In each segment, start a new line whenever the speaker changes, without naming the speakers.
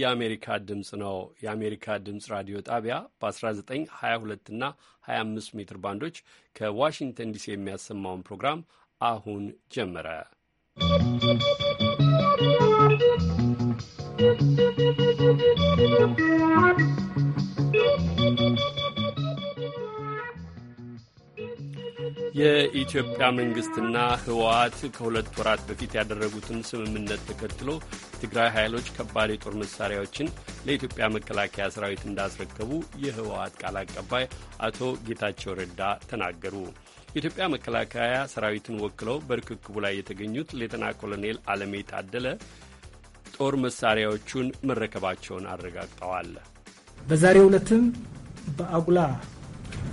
የአሜሪካ ድምፅ ነው። የአሜሪካ ድምፅ ራዲዮ ጣቢያ በ1922 እና 25 ሜትር ባንዶች ከዋሽንግተን ዲሲ የሚያሰማውን ፕሮግራም አሁን ጀመረ። ¶¶ የኢትዮጵያ መንግስትና ህወሓት ከሁለት ወራት በፊት ያደረጉትን ስምምነት ተከትሎ የትግራይ ኃይሎች ከባድ የጦር መሳሪያዎችን ለኢትዮጵያ መከላከያ ሰራዊት እንዳስረከቡ የህወሓት ቃል አቀባይ አቶ ጌታቸው ረዳ ተናገሩ። የኢትዮጵያ መከላከያ ሰራዊትን ወክለው በርክክቡ ላይ የተገኙት ሌተና ኮሎኔል አለሜ ታደለ ጦር መሳሪያዎቹን መረከባቸውን አረጋግጠዋል።
በዛሬው ዕለትም በአጉላ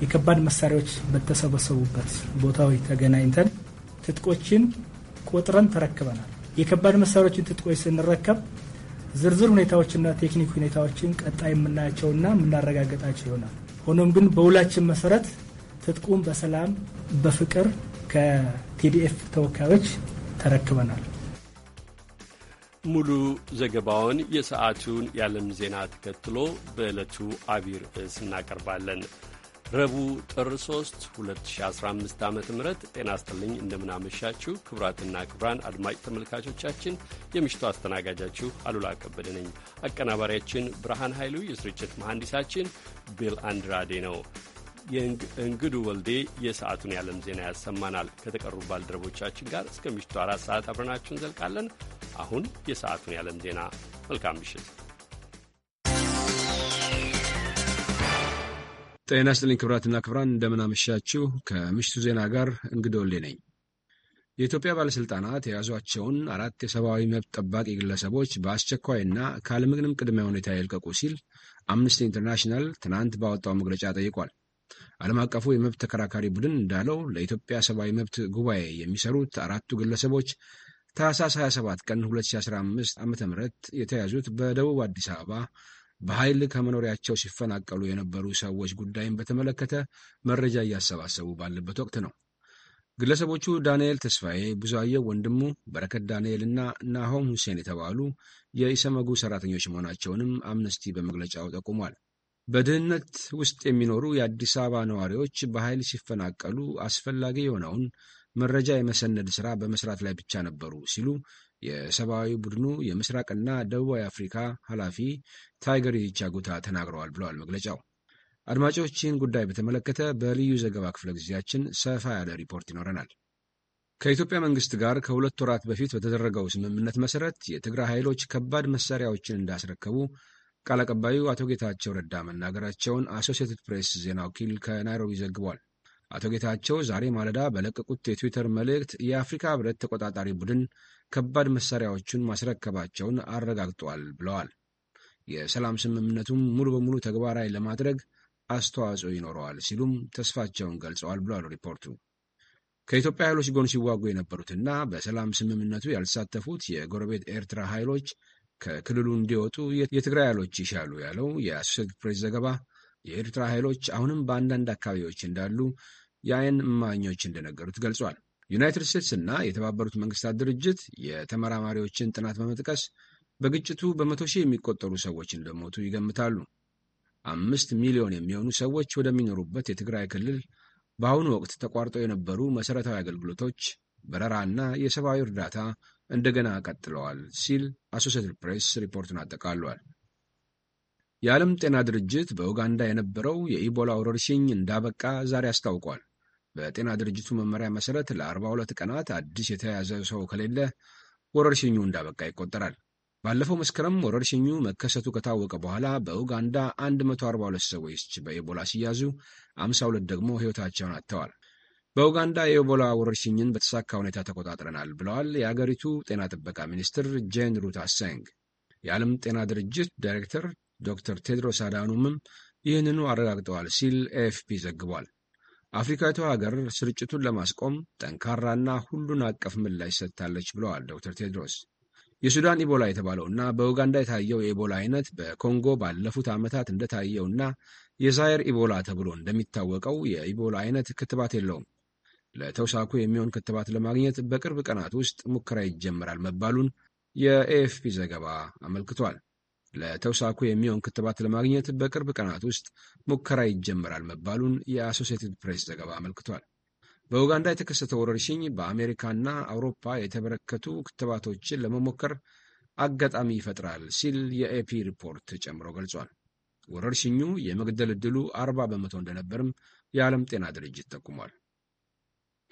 የከባድ መሳሪያዎች በተሰበሰቡበት ቦታዎች ተገናኝተን ትጥቆችን ቆጥረን ተረክበናል። የከባድ መሳሪያዎችን ትጥቆች ስንረከብ ዝርዝር ሁኔታዎችና ቴክኒክ ሁኔታዎችን ቀጣይ የምናያቸውና የምናረጋገጣቸው ይሆናል። ሆኖም ግን በውላችን መሰረት ትጥቁን በሰላም በፍቅር ከቲዲኤፍ ተወካዮች ተረክበናል።
ሙሉ ዘገባውን የሰዓቱን የዓለም ዜና ተከትሎ በዕለቱ አቢይ ርዕስ እናቀርባለን። ረቡዕ ጥር 3 2015 ዓ ም ጤና ስጥልኝ። እንደምናመሻችሁ ክቡራትና ክቡራን አድማጭ ተመልካቾቻችን የምሽቱ አስተናጋጃችሁ አሉላ ከበደ ነኝ። አቀናባሪያችን ብርሃን ኃይሉ፣ የስርጭት መሐንዲሳችን ቤል አንድራዴ ነው። የእንግዱ ወልዴ የሰዓቱን የዓለም ዜና ያሰማናል። ከተቀሩ ባልደረቦቻችን ጋር እስከ ምሽቱ አራት ሰዓት አብረናችሁ እንዘልቃለን። አሁን የሰዓቱን የዓለም ዜና። መልካም ምሽት።
ጤና ይስጥልኝ ክብራትና ክብራን፣ እንደምናመሻችሁ። ከምሽቱ ዜና ጋር እንግዶሌ ነኝ። የኢትዮጵያ ባለሥልጣናት የያዟቸውን አራት የሰብአዊ መብት ጠባቂ ግለሰቦች በአስቸኳይና ካለምንም ቅድመ ሁኔታ ይልቀቁ ሲል አምነስቲ ኢንተርናሽናል ትናንት ባወጣው መግለጫ ጠይቋል። ዓለም አቀፉ የመብት ተከራካሪ ቡድን እንዳለው ለኢትዮጵያ ሰብአዊ መብት ጉባኤ የሚሰሩት አራቱ ግለሰቦች ታህሳስ 27 ቀን 2015 ዓ ም የተያዙት በደቡብ አዲስ አበባ በኃይል ከመኖሪያቸው ሲፈናቀሉ የነበሩ ሰዎች ጉዳይን በተመለከተ መረጃ እያሰባሰቡ ባለበት ወቅት ነው። ግለሰቦቹ ዳንኤል ተስፋዬ፣ ብዙአየው ወንድሙ፣ በረከት ዳንኤል እና ናሆም ሁሴን የተባሉ የኢሰመጉ ሰራተኞች መሆናቸውንም አምነስቲ በመግለጫው ጠቁሟል። በድህነት ውስጥ የሚኖሩ የአዲስ አበባ ነዋሪዎች በኃይል ሲፈናቀሉ አስፈላጊ የሆነውን መረጃ የመሰነድ ሥራ በመስራት ላይ ብቻ ነበሩ ሲሉ የሰብአዊ ቡድኑ የምስራቅና ደቡባዊ አፍሪካ ኃላፊ ታይገር ቻጉታ ተናግረዋል ብለዋል መግለጫው። አድማጮች ይህን ጉዳይ በተመለከተ በልዩ ዘገባ ክፍለ ጊዜያችን ሰፋ ያለ ሪፖርት ይኖረናል። ከኢትዮጵያ መንግስት ጋር ከሁለት ወራት በፊት በተደረገው ስምምነት መሰረት የትግራይ ኃይሎች ከባድ መሳሪያዎችን እንዳስረከቡ ቃል አቀባዩ አቶ ጌታቸው ረዳ መናገራቸውን አሶሲየትድ ፕሬስ ዜና ወኪል ከናይሮቢ ዘግቧል። አቶ ጌታቸው ዛሬ ማለዳ በለቀቁት የትዊተር መልእክት የአፍሪካ ህብረት ተቆጣጣሪ ቡድን ከባድ መሳሪያዎቹን ማስረከባቸውን አረጋግጧል ብለዋል። የሰላም ስምምነቱም ሙሉ በሙሉ ተግባራዊ ለማድረግ አስተዋጽኦ ይኖረዋል ሲሉም ተስፋቸውን ገልጸዋል ብሏል ሪፖርቱ። ከኢትዮጵያ ኃይሎች ጎን ሲዋጉ የነበሩትና በሰላም ስምምነቱ ያልተሳተፉት የጎረቤት ኤርትራ ኃይሎች ከክልሉ እንዲወጡ የትግራይ ኃይሎች ይሻሉ ያለው የአሶሴትድ ፕሬስ ዘገባ የኤርትራ ኃይሎች አሁንም በአንዳንድ አካባቢዎች እንዳሉ የአይን እማኞች እንደነገሩት ገልጿል። ዩናይትድ ስቴትስ እና የተባበሩት መንግስታት ድርጅት የተመራማሪዎችን ጥናት በመጥቀስ በግጭቱ በመቶ ሺህ የሚቆጠሩ ሰዎች እንደሞቱ ይገምታሉ። አምስት ሚሊዮን የሚሆኑ ሰዎች ወደሚኖሩበት የትግራይ ክልል በአሁኑ ወቅት ተቋርጦ የነበሩ መሠረታዊ አገልግሎቶች፣ በረራና የሰብአዊ እርዳታ እንደገና ቀጥለዋል ሲል አሶሴትድ ፕሬስ ሪፖርቱን አጠቃሏል። የዓለም ጤና ድርጅት በኡጋንዳ የነበረው የኢቦላ ወረርሽኝ እንዳበቃ ዛሬ አስታውቋል። በጤና ድርጅቱ መመሪያ መሰረት ለ42 ቀናት አዲስ የተያዘ ሰው ከሌለ ወረርሽኙ እንዳበቃ ይቆጠራል። ባለፈው መስከረም ወረርሽኙ መከሰቱ ከታወቀ በኋላ በኡጋንዳ 142 ሰዎች በኢቦላ ሲያዙ 52 ደግሞ ሕይወታቸውን አጥተዋል። በኡጋንዳ የኤቦላ ወረርሽኝን በተሳካ ሁኔታ ተቆጣጥረናል ብለዋል የአገሪቱ ጤና ጥበቃ ሚኒስትር ጄን ሩት አሳንግ። የዓለም ጤና ድርጅት ዳይሬክተር ዶክተር ቴድሮስ አዳኑምም ይህንኑ አረጋግጠዋል ሲል ኤኤፍፒ ዘግቧል። አፍሪካዊቷ ሀገር ስርጭቱን ለማስቆም ጠንካራና ሁሉን አቀፍ ምላሽ ሰጥታለች ብለዋል ዶክተር ቴድሮስ። የሱዳን ኢቦላ የተባለውና በኡጋንዳ የታየው የኢቦላ አይነት በኮንጎ ባለፉት ዓመታት እንደታየውና የዛየር ኢቦላ ተብሎ እንደሚታወቀው የኢቦላ አይነት ክትባት የለውም። ለተውሳኩ የሚሆን ክትባት ለማግኘት በቅርብ ቀናት ውስጥ ሙከራ ይጀምራል መባሉን የኤኤፍፒ ዘገባ አመልክቷል። ለተውሳኩ የሚሆን ክትባት ለማግኘት በቅርብ ቀናት ውስጥ ሙከራ ይጀምራል መባሉን የአሶሲየትድ ፕሬስ ዘገባ አመልክቷል። በኡጋንዳ የተከሰተው ወረርሽኝ በአሜሪካና አውሮፓ የተበረከቱ ክትባቶችን ለመሞከር አጋጣሚ ይፈጥራል ሲል የኤፒ ሪፖርት ጨምሮ ገልጿል። ወረርሽኙ የመግደል ዕድሉ አርባ በመቶ እንደነበርም የዓለም ጤና ድርጅት ጠቁሟል።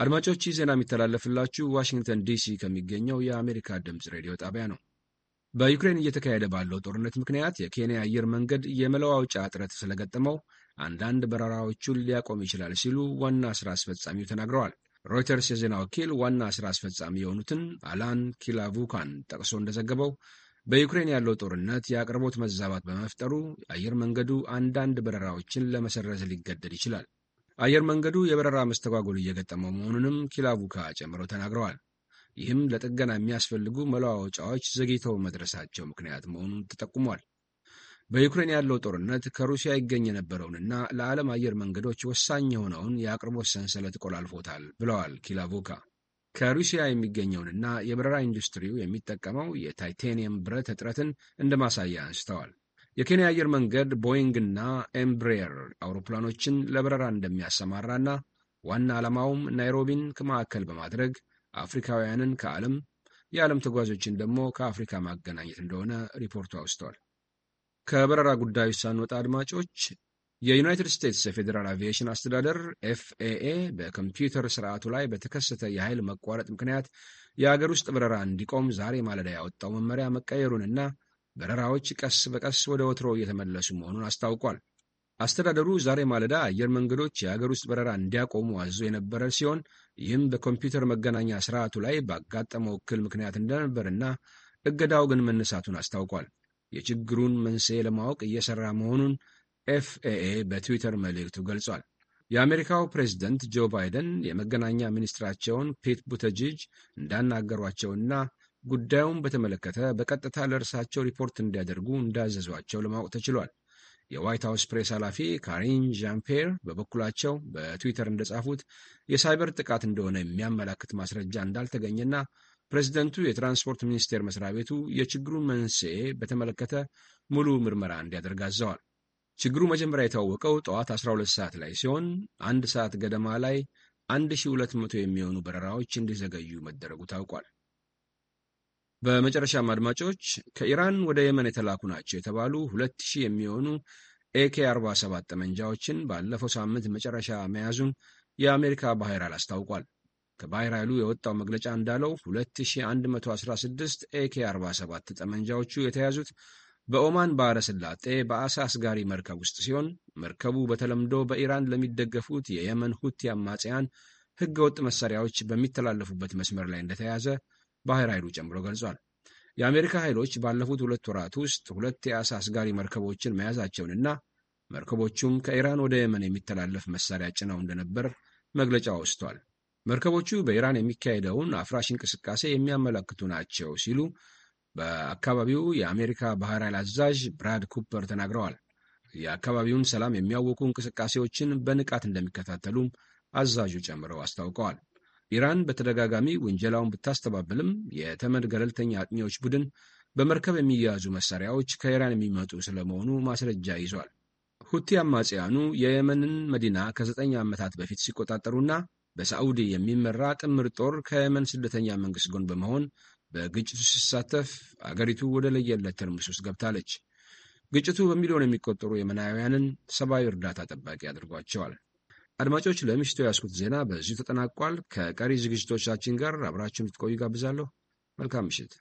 አድማጮች ዜና የሚተላለፍላችሁ ዋሽንግተን ዲሲ ከሚገኘው የአሜሪካ ድምፅ ሬዲዮ ጣቢያ ነው። በዩክሬን እየተካሄደ ባለው ጦርነት ምክንያት የኬንያ አየር መንገድ የመለዋወጫ እጥረት ስለገጠመው አንዳንድ በረራዎቹን ሊያቆም ይችላል ሲሉ ዋና ሥራ አስፈጻሚው ተናግረዋል። ሮይተርስ የዜና ወኪል ዋና ሥራ አስፈጻሚ የሆኑትን አላን ኪላቩካን ጠቅሶ እንደዘገበው በዩክሬን ያለው ጦርነት የአቅርቦት መዛባት በመፍጠሩ አየር መንገዱ አንዳንድ በረራዎችን ለመሰረዝ ሊገደድ ይችላል። አየር መንገዱ የበረራ መስተጓጎል እየገጠመው መሆኑንም ኪላቡካ ጨምረው ተናግረዋል። ይህም ለጥገና የሚያስፈልጉ መለዋወጫዎች ዘግይተው መድረሳቸው ምክንያት መሆኑን ተጠቁሟል። በዩክሬን ያለው ጦርነት ከሩሲያ ይገኝ የነበረውንና ለዓለም አየር መንገዶች ወሳኝ የሆነውን የአቅርቦት ሰንሰለት ቆላልፎታል ብለዋል ኪላቮካ። ከሩሲያ የሚገኘውንና የበረራ ኢንዱስትሪው የሚጠቀመው የታይቴኒየም ብረት እጥረትን እንደ ማሳያ አንስተዋል። የኬንያ አየር መንገድ ቦይንግና ኤምብሬር አውሮፕላኖችን ለበረራ እንደሚያሰማራና ዋና ዓላማውም ናይሮቢን ማዕከል በማድረግ አፍሪካውያንን ከዓለም የዓለም ተጓዦችን ደግሞ ከአፍሪካ ማገናኘት እንደሆነ ሪፖርቱ አውስቷል። ከበረራ ጉዳዮች ሳንወጣ አድማጮች፣ የዩናይትድ ስቴትስ የፌዴራል አቪዬሽን አስተዳደር ኤፍኤኤ በኮምፒውተር ስርዓቱ ላይ በተከሰተ የኃይል መቋረጥ ምክንያት የአገር ውስጥ በረራ እንዲቆም ዛሬ ማለዳ ያወጣው መመሪያ መቀየሩንና በረራዎች ቀስ በቀስ ወደ ወትሮ እየተመለሱ መሆኑን አስታውቋል። አስተዳደሩ ዛሬ ማለዳ አየር መንገዶች የአገር ውስጥ በረራ እንዲያቆሙ አዞ የነበረ ሲሆን ይህም በኮምፒውተር መገናኛ ስርዓቱ ላይ ባጋጠመው እክል ምክንያት እንደነበርና እገዳው ግን መነሳቱን አስታውቋል። የችግሩን መንስኤ ለማወቅ እየሰራ መሆኑን ኤፍኤኤ በትዊተር መልእክቱ ገልጿል። የአሜሪካው ፕሬዚደንት ጆ ባይደን የመገናኛ ሚኒስትራቸውን ፔት ቡተጅጅ እንዳናገሯቸውና ጉዳዩን በተመለከተ በቀጥታ ለእርሳቸው ሪፖርት እንዲያደርጉ እንዳዘዟቸው ለማወቅ ተችሏል። የዋይት ሀውስ ፕሬስ ኃላፊ ካሪን ዣምፔር በበኩላቸው በትዊተር እንደጻፉት የሳይበር ጥቃት እንደሆነ የሚያመላክት ማስረጃ እንዳልተገኘና ፕሬዚደንቱ የትራንስፖርት ሚኒስቴር መስሪያ ቤቱ የችግሩን መንስኤ በተመለከተ ሙሉ ምርመራ እንዲያደርግ አዘዋል። ችግሩ መጀመሪያ የታወቀው ጠዋት 12 ሰዓት ላይ ሲሆን አንድ ሰዓት ገደማ ላይ 1200 የሚሆኑ በረራዎች እንዲዘገዩ መደረጉ ታውቋል። በመጨረሻም አድማጮች ከኢራን ወደ የመን የተላኩ ናቸው የተባሉ ሁለት ሺህ የሚሆኑ ኤኬ 47 ጠመንጃዎችን ባለፈው ሳምንት መጨረሻ መያዙን የአሜሪካ ባህር ኃይል አስታውቋል። ከባህር ኃይሉ የወጣው መግለጫ እንዳለው 2116 ኤኬ 47 ጠመንጃዎቹ የተያዙት በኦማን ባህረ ስላጤ በአሳ አስጋሪ መርከብ ውስጥ ሲሆን መርከቡ በተለምዶ በኢራን ለሚደገፉት የየመን ሁቲ አማጽያን ህገወጥ መሳሪያዎች በሚተላለፉበት መስመር ላይ እንደተያዘ ባህር ኃይሉ ጨምሮ ገልጿል። የአሜሪካ ኃይሎች ባለፉት ሁለት ወራት ውስጥ ሁለት የአሳ አስጋሪ መርከቦችን መያዛቸውንና መርከቦቹም ከኢራን ወደ የመን የሚተላለፍ መሳሪያ ጭነው እንደነበር መግለጫው አውስቷል። መርከቦቹ በኢራን የሚካሄደውን አፍራሽ እንቅስቃሴ የሚያመለክቱ ናቸው ሲሉ በአካባቢው የአሜሪካ ባህር ኃይል አዛዥ ብራድ ኩፐር ተናግረዋል። የአካባቢውን ሰላም የሚያወቁ እንቅስቃሴዎችን በንቃት እንደሚከታተሉም አዛዡ ጨምረው አስታውቀዋል። ኢራን በተደጋጋሚ ውንጀላውን ብታስተባብልም የተመድ ገለልተኛ አጥኚዎች ቡድን በመርከብ የሚያዙ መሳሪያዎች ከኢራን የሚመጡ ስለመሆኑ ማስረጃ ይዟል። ሁቲ አማጽያኑ የየመንን መዲና ከዘጠኝ ዓመታት በፊት ሲቆጣጠሩና በሳዑዲ የሚመራ ጥምር ጦር ከየመን ስደተኛ መንግሥት ጎን በመሆን በግጭቱ ሲሳተፍ አገሪቱ ወደ ለየለት ትርምስ ውስጥ ገብታለች። ግጭቱ በሚሊዮን የሚቆጠሩ የመናውያንን ሰብአዊ እርዳታ ጠባቂ አድርጓቸዋል። አድማጮች፣ ለምሽቱ ያስኩት ዜና በዚሁ ተጠናቋል። ከቀሪ ዝግጅቶቻችን ጋር አብራችሁን ልትቆዩ ጋብዛለሁ። መልካም ምሽት።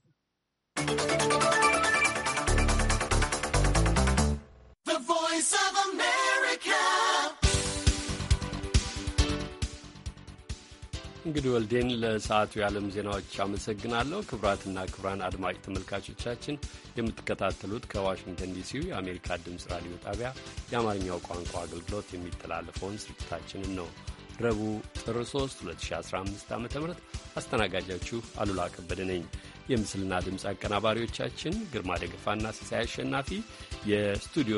እንግዲህ ወልዴን ለሰዓቱ የዓለም ዜናዎች አመሰግናለሁ። ክቡራትና ክቡራን አድማጭ ተመልካቾቻችን የምትከታተሉት ከዋሽንግተን ዲሲው የአሜሪካ ድምፅ ራዲዮ ጣቢያ የአማርኛው ቋንቋ አገልግሎት የሚተላለፈውን ስርጭታችንን ነው። ረቡዕ ጥር 3 2015 ዓ ም አስተናጋጃችሁ አሉላ ከበደ ነኝ። የምስልና ድምፅ አቀናባሪዎቻችን ግርማ ደግፋና ሲሳይ አሸናፊ፣ የስቱዲዮ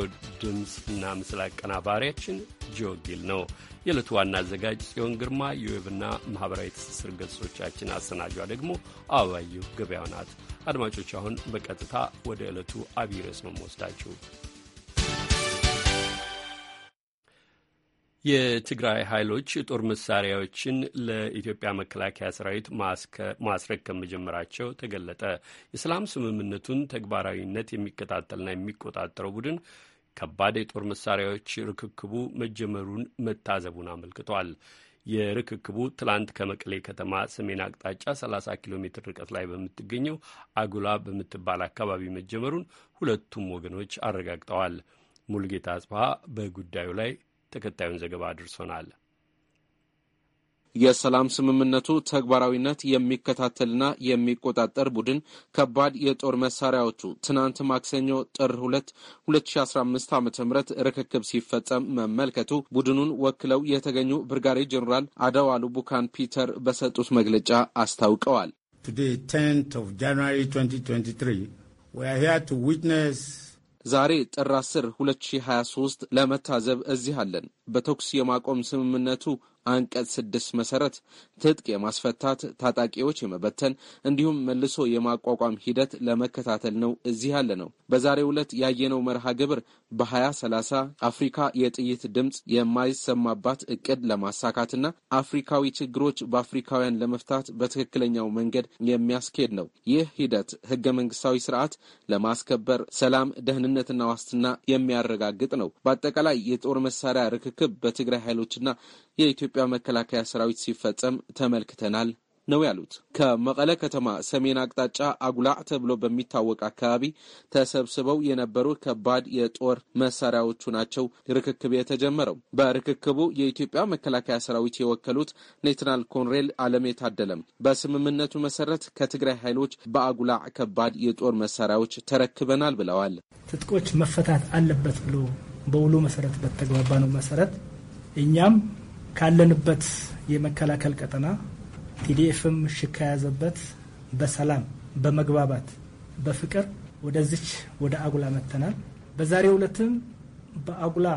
እና ምስል አቀናባሪያችን ጂዮጊል ነው። የዕለቱ ዋና አዘጋጅ ጽዮን ግርማ፣ የዌብና ማኅበራዊ ትስስር ገጾቻችን አሰናጇ ደግሞ አበባየሁ ገበያው ናት። አድማጮች አሁን በቀጥታ ወደ ዕለቱ አብይ ርዕስ ነው መወስዳችሁ። የትግራይ ኃይሎች ጦር መሳሪያዎችን ለኢትዮጵያ መከላከያ ሰራዊት ማስረከብ መጀመራቸው ተገለጠ። የሰላም ስምምነቱን ተግባራዊነት የሚከታተልና የሚቆጣጠረው ቡድን ከባድ የጦር መሳሪያዎች ርክክቡ መጀመሩን መታዘቡን አመልክቷል። የርክክቡ ትላንት ከመቀሌ ከተማ ሰሜን አቅጣጫ 30 ኪሎ ሜትር ርቀት ላይ በምትገኘው አጉላ በምትባል አካባቢ መጀመሩን ሁለቱም ወገኖች አረጋግጠዋል። ሙልጌታ አጽብሃ በጉዳዩ ላይ ተከታዩን ዘገባ አድርሶናል።
የሰላም ስምምነቱ ተግባራዊነት የሚከታተልና የሚቆጣጠር ቡድን ከባድ የጦር መሳሪያዎቹ ትናንት ማክሰኞ ጥር ሁለት ሁለት ሺ አስራ አምስት ርክክብ ሲፈጸም መመልከቱ ቡድኑን ወክለው የተገኙ ብርጋዴ ጀኔራል አደዋሉ ቡካን ፒተር በሰጡት መግለጫ አስታውቀዋል።
ቱዴይ 10 2023
ዛሬ ጥር 10 2023 ለመታዘብ እዚህ አለን። በተኩስ የማቆም ስምምነቱ አንቀጽ ስድስት መሰረት ትጥቅ የማስፈታት ታጣቂዎች የመበተን እንዲሁም መልሶ የማቋቋም ሂደት ለመከታተል ነው እዚህ ያለ ነው። በዛሬው ዕለት ያየነው መርሃ ግብር በሀያ ሰላሳ አፍሪካ የጥይት ድምፅ የማይሰማባት እቅድ ለማሳካትና አፍሪካዊ ችግሮች በአፍሪካውያን ለመፍታት በትክክለኛው መንገድ የሚያስኬድ ነው። ይህ ሂደት ህገ መንግስታዊ ስርዓት ለማስከበር ሰላም፣ ደህንነትና ዋስትና የሚያረጋግጥ ነው። በአጠቃላይ የጦር መሳሪያ ርክክብ በትግራይ ኃይሎችና የኢትዮጵያ መከላከያ ሰራዊት ሲፈጸም ተመልክተናል ነው ያሉት። ከመቀለ ከተማ ሰሜን አቅጣጫ አጉላዕ ተብሎ በሚታወቅ አካባቢ ተሰብስበው የነበሩ ከባድ የጦር መሳሪያዎቹ ናቸው ርክክብ የተጀመረው። በርክክቡ የኢትዮጵያ መከላከያ ሰራዊት የወከሉት ኔትናል ኮንሬል አለም የታደለም በስምምነቱ መሰረት ከትግራይ ኃይሎች በአጉላ ከባድ የጦር መሳሪያዎች ተረክበናል ብለዋል።
ትጥቆች መፈታት አለበት ብሎ በውሉ መሰረት በተግባባነው መሰረት እኛም ካለንበት የመከላከል ቀጠና ቲዲኤፍም ሽካ ያዘበት በሰላም በመግባባት በፍቅር ወደዚች ወደ አጉላ መጥተናል። በዛሬ ዕለትም በአጉላ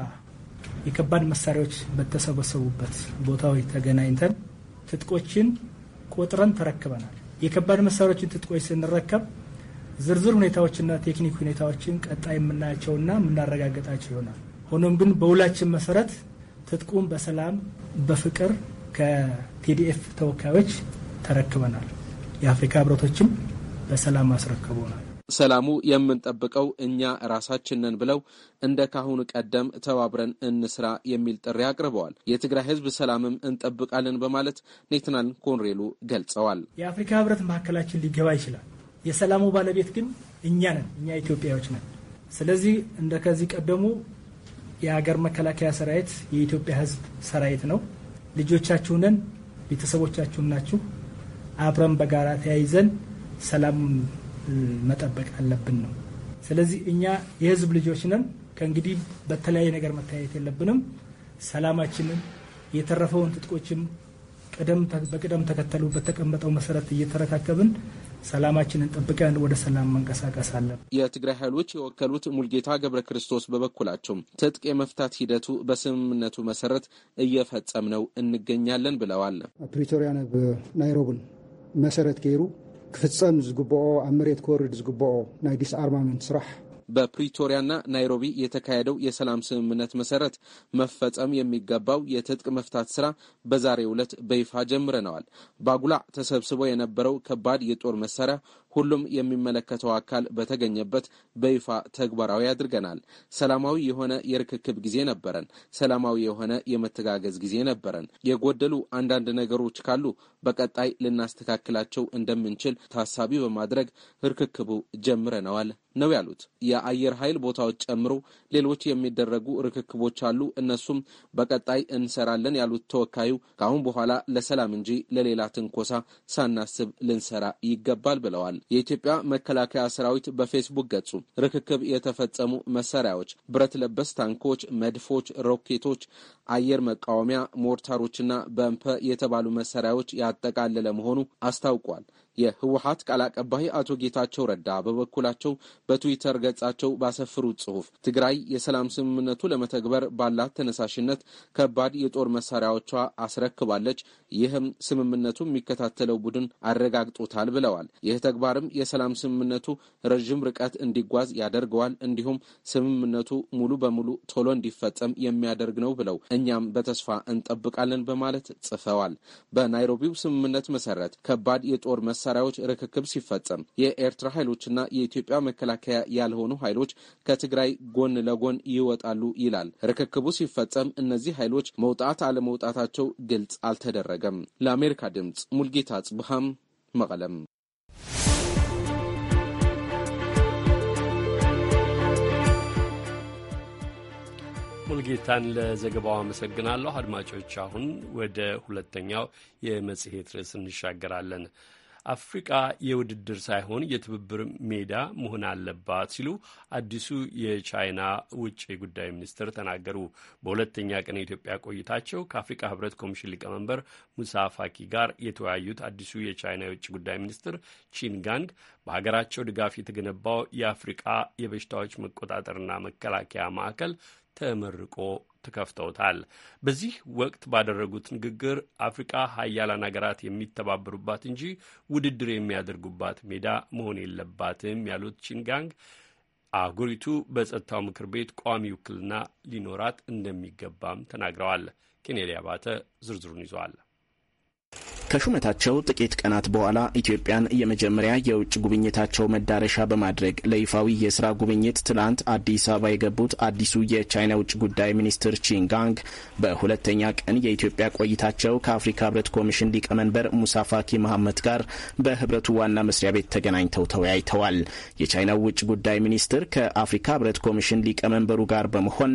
የከባድ መሳሪያዎች በተሰበሰቡበት ቦታዎች ተገናኝተን ትጥቆችን ቆጥረን ተረክበናል። የከባድ መሳሪያዎችን ትጥቆች ስንረከብ ዝርዝር ሁኔታዎችና ቴክኒክ ሁኔታዎችን ቀጣይ የምናያቸውና የምናረጋገጣቸው ይሆናል። ሆኖም ግን በውላችን መሰረት ትጥቁን በሰላም በፍቅር ከቲዲኤፍ ተወካዮች ተረክበናል። የአፍሪካ ህብረቶችም በሰላም አስረክበናል።
ሰላሙ የምንጠብቀው እኛ ራሳችን ነን ብለው እንደ ካሁን ቀደም ተባብረን እንስራ የሚል ጥሪ አቅርበዋል። የትግራይ ህዝብ ሰላምም እንጠብቃለን በማለት ሌተናል ኮንሬሉ ገልጸዋል።
የአፍሪካ ህብረት መካከላችን ሊገባ ይችላል። የሰላሙ ባለቤት ግን እኛ ነን። እኛ ኢትዮጵያዎች ነን። ስለዚህ እንደ ከዚህ ቀደሙ የሀገር መከላከያ ሰራዊት የኢትዮጵያ ህዝብ ሰራዊት ነው። ልጆቻችሁንን ቤተሰቦቻችሁን ናችሁ። አብረን በጋራ ተያይዘን ሰላም መጠበቅ አለብን ነው። ስለዚህ እኛ የህዝብ ልጆች ነን። ከእንግዲህ በተለያየ ነገር መታየት የለብንም። ሰላማችንን የተረፈውን ትጥቆችም በቅደም ተከተሉ በተቀመጠው መሰረት እየተረካከብን ሰላማችንን ጠብቀን ወደ ሰላም መንቀሳቀስ
አለን።
የትግራይ ኃይሎች የወከሉት ሙልጌታ ገብረ ክርስቶስ በበኩላቸው ትጥቅ የመፍታት ሂደቱ በስምምነቱ መሰረት እየፈጸም ነው እንገኛለን ብለዋል።
ፕሪቶሪያን ናይሮብን መሰረት ገይሩ ክፍፀም ዝግብኦ ኣብ መሬት ክወርድ ዝግብኦ ናይ ዲስኣርማመንት ስራሕ
በፕሪቶሪያና ናይሮቢ የተካሄደው የሰላም ስምምነት መሰረት መፈጸም የሚገባው የትጥቅ መፍታት ስራ በዛሬው ዕለት በይፋ ጀምረነዋል። ባጉላ ተሰብስቦ የነበረው ከባድ የጦር መሳሪያ ሁሉም የሚመለከተው አካል በተገኘበት በይፋ ተግባራዊ አድርገናል። ሰላማዊ የሆነ የርክክብ ጊዜ ነበረን። ሰላማዊ የሆነ የመተጋገዝ ጊዜ ነበረን። የጎደሉ አንዳንድ ነገሮች ካሉ በቀጣይ ልናስተካክላቸው እንደምንችል ታሳቢ በማድረግ ርክክቡ ጀምረነዋል ነው ያሉት። የአየር ኃይል ቦታዎች ጨምሮ ሌሎች የሚደረጉ ርክክቦች አሉ። እነሱም በቀጣይ እንሰራለን ያሉት ተወካዩ ከአሁን በኋላ ለሰላም እንጂ ለሌላ ትንኮሳ ሳናስብ ልንሰራ ይገባል ብለዋል። የኢትዮጵያ መከላከያ ሰራዊት በፌስቡክ ገጹ ርክክብ የተፈጸሙ መሳሪያዎች ብረት ለበስ ታንኮች፣ መድፎች፣ ሮኬቶች፣ አየር መቃወሚያ ሞርታሮችና በምፐ የተባሉ መሳሪያዎች ያጠቃለለ መሆኑ አስታውቋል። የህወሀት ቃል አቀባይ አቶ ጌታቸው ረዳ በበኩላቸው በትዊተር ገጻቸው ባሰፍሩት ጽሁፍ ትግራይ የሰላም ስምምነቱ ለመተግበር ባላት ተነሳሽነት ከባድ የጦር መሳሪያዎቿ አስረክባለች፣ ይህም ስምምነቱ የሚከታተለው ቡድን አረጋግጦታል ብለዋል። ይህ ተግባርም የሰላም ስምምነቱ ረዥም ርቀት እንዲጓዝ ያደርገዋል፣ እንዲሁም ስምምነቱ ሙሉ በሙሉ ቶሎ እንዲፈጸም የሚያደርግ ነው ብለው እኛም በተስፋ እንጠብቃለን በማለት ጽፈዋል። በናይሮቢው ስምምነት መሰረት ከባድ የጦር መሳ መሳሪያዎች ርክክብ ሲፈጸም የኤርትራ ኃይሎችና የኢትዮጵያ መከላከያ ያልሆኑ ኃይሎች ከትግራይ ጎን ለጎን ይወጣሉ ይላል። ርክክቡ ሲፈጸም እነዚህ ኃይሎች መውጣት አለመውጣታቸው ግልጽ አልተደረገም። ለአሜሪካ ድምጽ ሙልጌታ ጽብሃም መቀለም።
ሙልጌታን ለዘገባው አመሰግናለሁ። አድማጮች አሁን ወደ ሁለተኛው የመጽሔት ርዕስ እንሻገራለን። አፍሪቃ የውድድር ሳይሆን የትብብር ሜዳ መሆን አለባት ሲሉ አዲሱ የቻይና ውጭ ጉዳይ ሚኒስትር ተናገሩ። በሁለተኛ ቀን የኢትዮጵያ ቆይታቸው ከአፍሪካ ህብረት ኮሚሽን ሊቀመንበር ሙሳ ፋኪ ጋር የተወያዩት አዲሱ የቻይና የውጭ ጉዳይ ሚኒስትር ቺንጋንግ በሀገራቸው ድጋፍ የተገነባው የአፍሪቃ የበሽታዎች መቆጣጠርና መከላከያ ማዕከል ተመርቆ ተከፍተውታል። በዚህ ወቅት ባደረጉት ንግግር አፍሪቃ ሀያላን ሀገራት የሚተባበሩባት እንጂ ውድድር የሚያደርጉባት ሜዳ መሆን የለባትም ያሉት ቺንጋንግ አህጉሪቱ በጸጥታው ምክር ቤት ቋሚ ውክልና ሊኖራት እንደሚገባም ተናግረዋል። ኬኔዲ አባተ ዝርዝሩን ይዘዋል።
ከሹመታቸው ጥቂት ቀናት በኋላ ኢትዮጵያን የመጀመሪያ የውጭ ጉብኝታቸው መዳረሻ በማድረግ ለይፋዊ የስራ ጉብኝት ትላንት አዲስ አበባ የገቡት አዲሱ የቻይና ውጭ ጉዳይ ሚኒስትር ቺንጋንግ በሁለተኛ ቀን የኢትዮጵያ ቆይታቸው ከአፍሪካ ህብረት ኮሚሽን ሊቀመንበር ሙሳ ፋኪ መሐመት ጋር በህብረቱ ዋና መስሪያ ቤት ተገናኝተው ተወያይተዋል። የቻይናው ውጭ ጉዳይ ሚኒስትር ከአፍሪካ ህብረት ኮሚሽን ሊቀመንበሩ ጋር በመሆን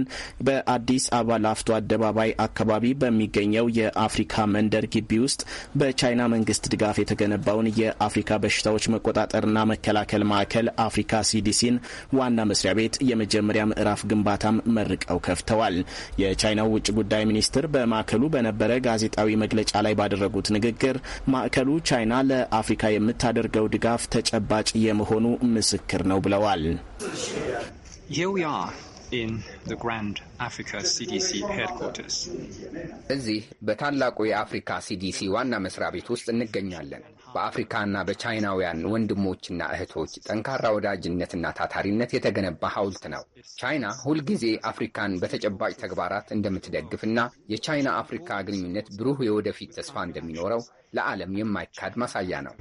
በአዲስ አበባ ላፍቶ አደባባይ አካባቢ በሚገኘው የአፍሪካ መንደር ግቢ ውስጥ በቻይና መንግስት ድጋፍ የተገነባውን የአፍሪካ በሽታዎች መቆጣጠርና መከላከል ማዕከል አፍሪካ ሲዲሲን ዋና መስሪያ ቤት የመጀመሪያ ምዕራፍ ግንባታም መርቀው ከፍተዋል። የቻይናው ውጭ ጉዳይ ሚኒስትር በማዕከሉ በነበረ ጋዜጣዊ መግለጫ ላይ ባደረጉት ንግግር ማዕከሉ ቻይና ለአፍሪካ የምታደርገው ድጋፍ ተጨባጭ የመሆኑ ምስክር
ነው ብለዋል። in the Grand Africa CDC headquarters. እዚህ በታላቁ የአፍሪካ ሲዲሲ ዋና መስሪያ ቤት ውስጥ እንገኛለን። በአፍሪካና በቻይናውያን ወንድሞችና እህቶች ጠንካራ ወዳጅነትና ታታሪነት የተገነባ ሐውልት ነው። ቻይና ሁልጊዜ አፍሪካን በተጨባጭ ተግባራት እንደምትደግፍና የቻይና አፍሪካ ግንኙነት ብሩህ የወደፊት ተስፋ እንደሚኖረው ለዓለም የማይካድ ማሳያ ነው።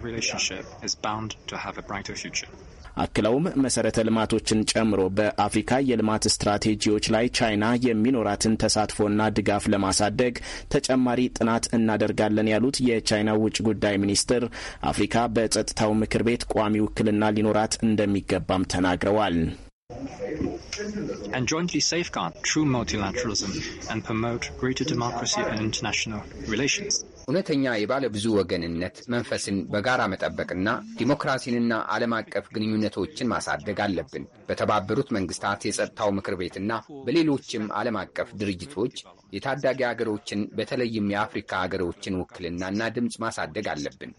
አክለውም መሰረተ ልማቶችን ጨምሮ በአፍሪካ የልማት ስትራቴጂዎች ላይ ቻይና የሚኖራትን ተሳትፎና ድጋፍ ለማሳደግ ተጨማሪ ጥናት እናደርጋለን ያሉት የቻይና ውጭ ጉዳይ ሚኒስትር አፍሪካ በጸጥታው ምክር ቤት ቋሚ ውክልና ሊኖራት እንደሚገባም
ተናግረዋል። and jointly safeguard true multilateralism and promote greater democracy international relations. እውነተኛ የባለብዙ ወገንነት መንፈስን በጋራ መጠበቅና ዲሞክራሲንና ዓለም አቀፍ ግንኙነቶችን ማሳደግ አለብን። በተባበሩት መንግስታት የጸጥታው ምክር ቤትና በሌሎችም ዓለም አቀፍ ድርጅቶች የታዳጊ አገሮችን በተለይም የአፍሪካ አገሮችን ውክልናና ድምፅ ማሳደግ አለብን።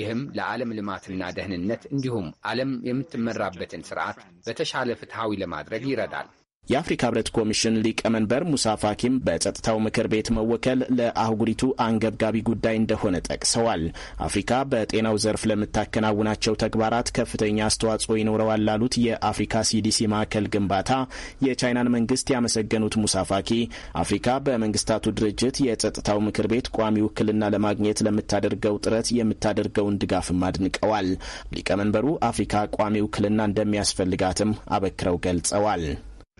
ይህም ለዓለም ልማትና ደህንነት እንዲሁም ዓለም የምትመራበትን ስርዓት በተሻለ ፍትሐዊ ለማድረግ ይረዳል።
የአፍሪካ ህብረት ኮሚሽን ሊቀመንበር ሙሳ ፋኪም በጸጥታው ምክር ቤት መወከል ለአህጉሪቱ አንገብጋቢ ጉዳይ እንደሆነ ጠቅሰዋል። አፍሪካ በጤናው ዘርፍ ለምታከናውናቸው ተግባራት ከፍተኛ አስተዋጽኦ ይኖረዋል ላሉት የአፍሪካ ሲዲሲ ማዕከል ግንባታ የቻይናን መንግስት ያመሰገኑት ሙሳ ፋኪ አፍሪካ በመንግስታቱ ድርጅት የጸጥታው ምክር ቤት ቋሚ ውክልና ለማግኘት ለምታደርገው ጥረት የምታደርገውን ድጋፍም አድንቀዋል። ሊቀመንበሩ አፍሪካ ቋሚ ውክልና እንደሚያስፈልጋትም አበክረው ገልጸዋል።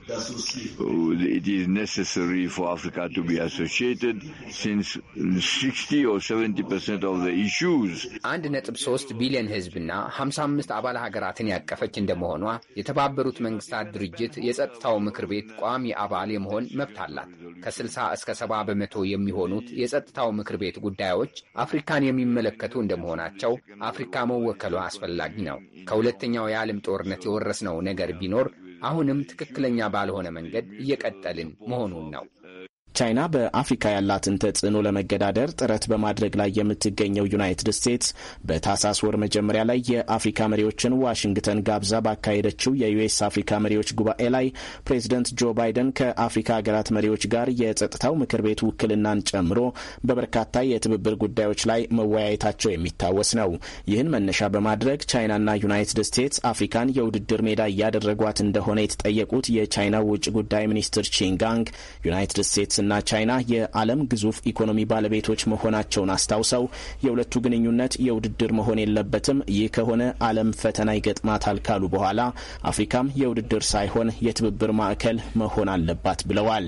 It is necessary
for Africa to be associated since 60 or 70 percent of the issues. አንድ ነጥብ ሶስት ቢሊዮን ህዝብና 55 አባል ሀገራትን ያቀፈች እንደመሆኗ የተባበሩት መንግስታት ድርጅት የጸጥታው ምክር ቤት ቋሚ አባል የመሆን መብት አላት። ከ60 እስከ 70 በመቶ የሚሆኑት የጸጥታው ምክር ቤት ጉዳዮች አፍሪካን የሚመለከቱ እንደመሆናቸው አፍሪካ መወከሏ አስፈላጊ ነው። ከሁለተኛው የዓለም ጦርነት የወረስነው ነገር ቢኖር አሁንም ትክክለኛ ባልሆነ መንገድ እየቀጠልን መሆኑን ነው።
ቻይና በአፍሪካ ያላትን ተጽዕኖ ለመገዳደር ጥረት በማድረግ ላይ የምትገኘው ዩናይትድ ስቴትስ በታሳስ ወር መጀመሪያ ላይ የአፍሪካ መሪዎችን ዋሽንግተን ጋብዛ ባካሄደችው የዩኤስ አፍሪካ መሪዎች ጉባኤ ላይ ፕሬዚደንት ጆ ባይደን ከአፍሪካ ሀገራት መሪዎች ጋር የጸጥታው ምክር ቤት ውክልናን ጨምሮ በበርካታ የትብብር ጉዳዮች ላይ መወያየታቸው የሚታወስ ነው። ይህን መነሻ በማድረግ ቻይናና ዩናይትድ ስቴትስ አፍሪካን የውድድር ሜዳ እያደረጓት እንደሆነ የተጠየቁት የቻይና ውጭ ጉዳይ ሚኒስትር ቺንጋንግ ዩናይትድ ስቴትስ ሩስና ቻይና የዓለም ግዙፍ ኢኮኖሚ ባለቤቶች መሆናቸውን አስታውሰው የሁለቱ ግንኙነት የውድድር መሆን የለበትም፣ ይህ ከሆነ ዓለም ፈተና ይገጥማታል ካሉ በኋላ አፍሪካም የውድድር ሳይሆን የትብብር ማዕከል መሆን አለባት ብለዋል።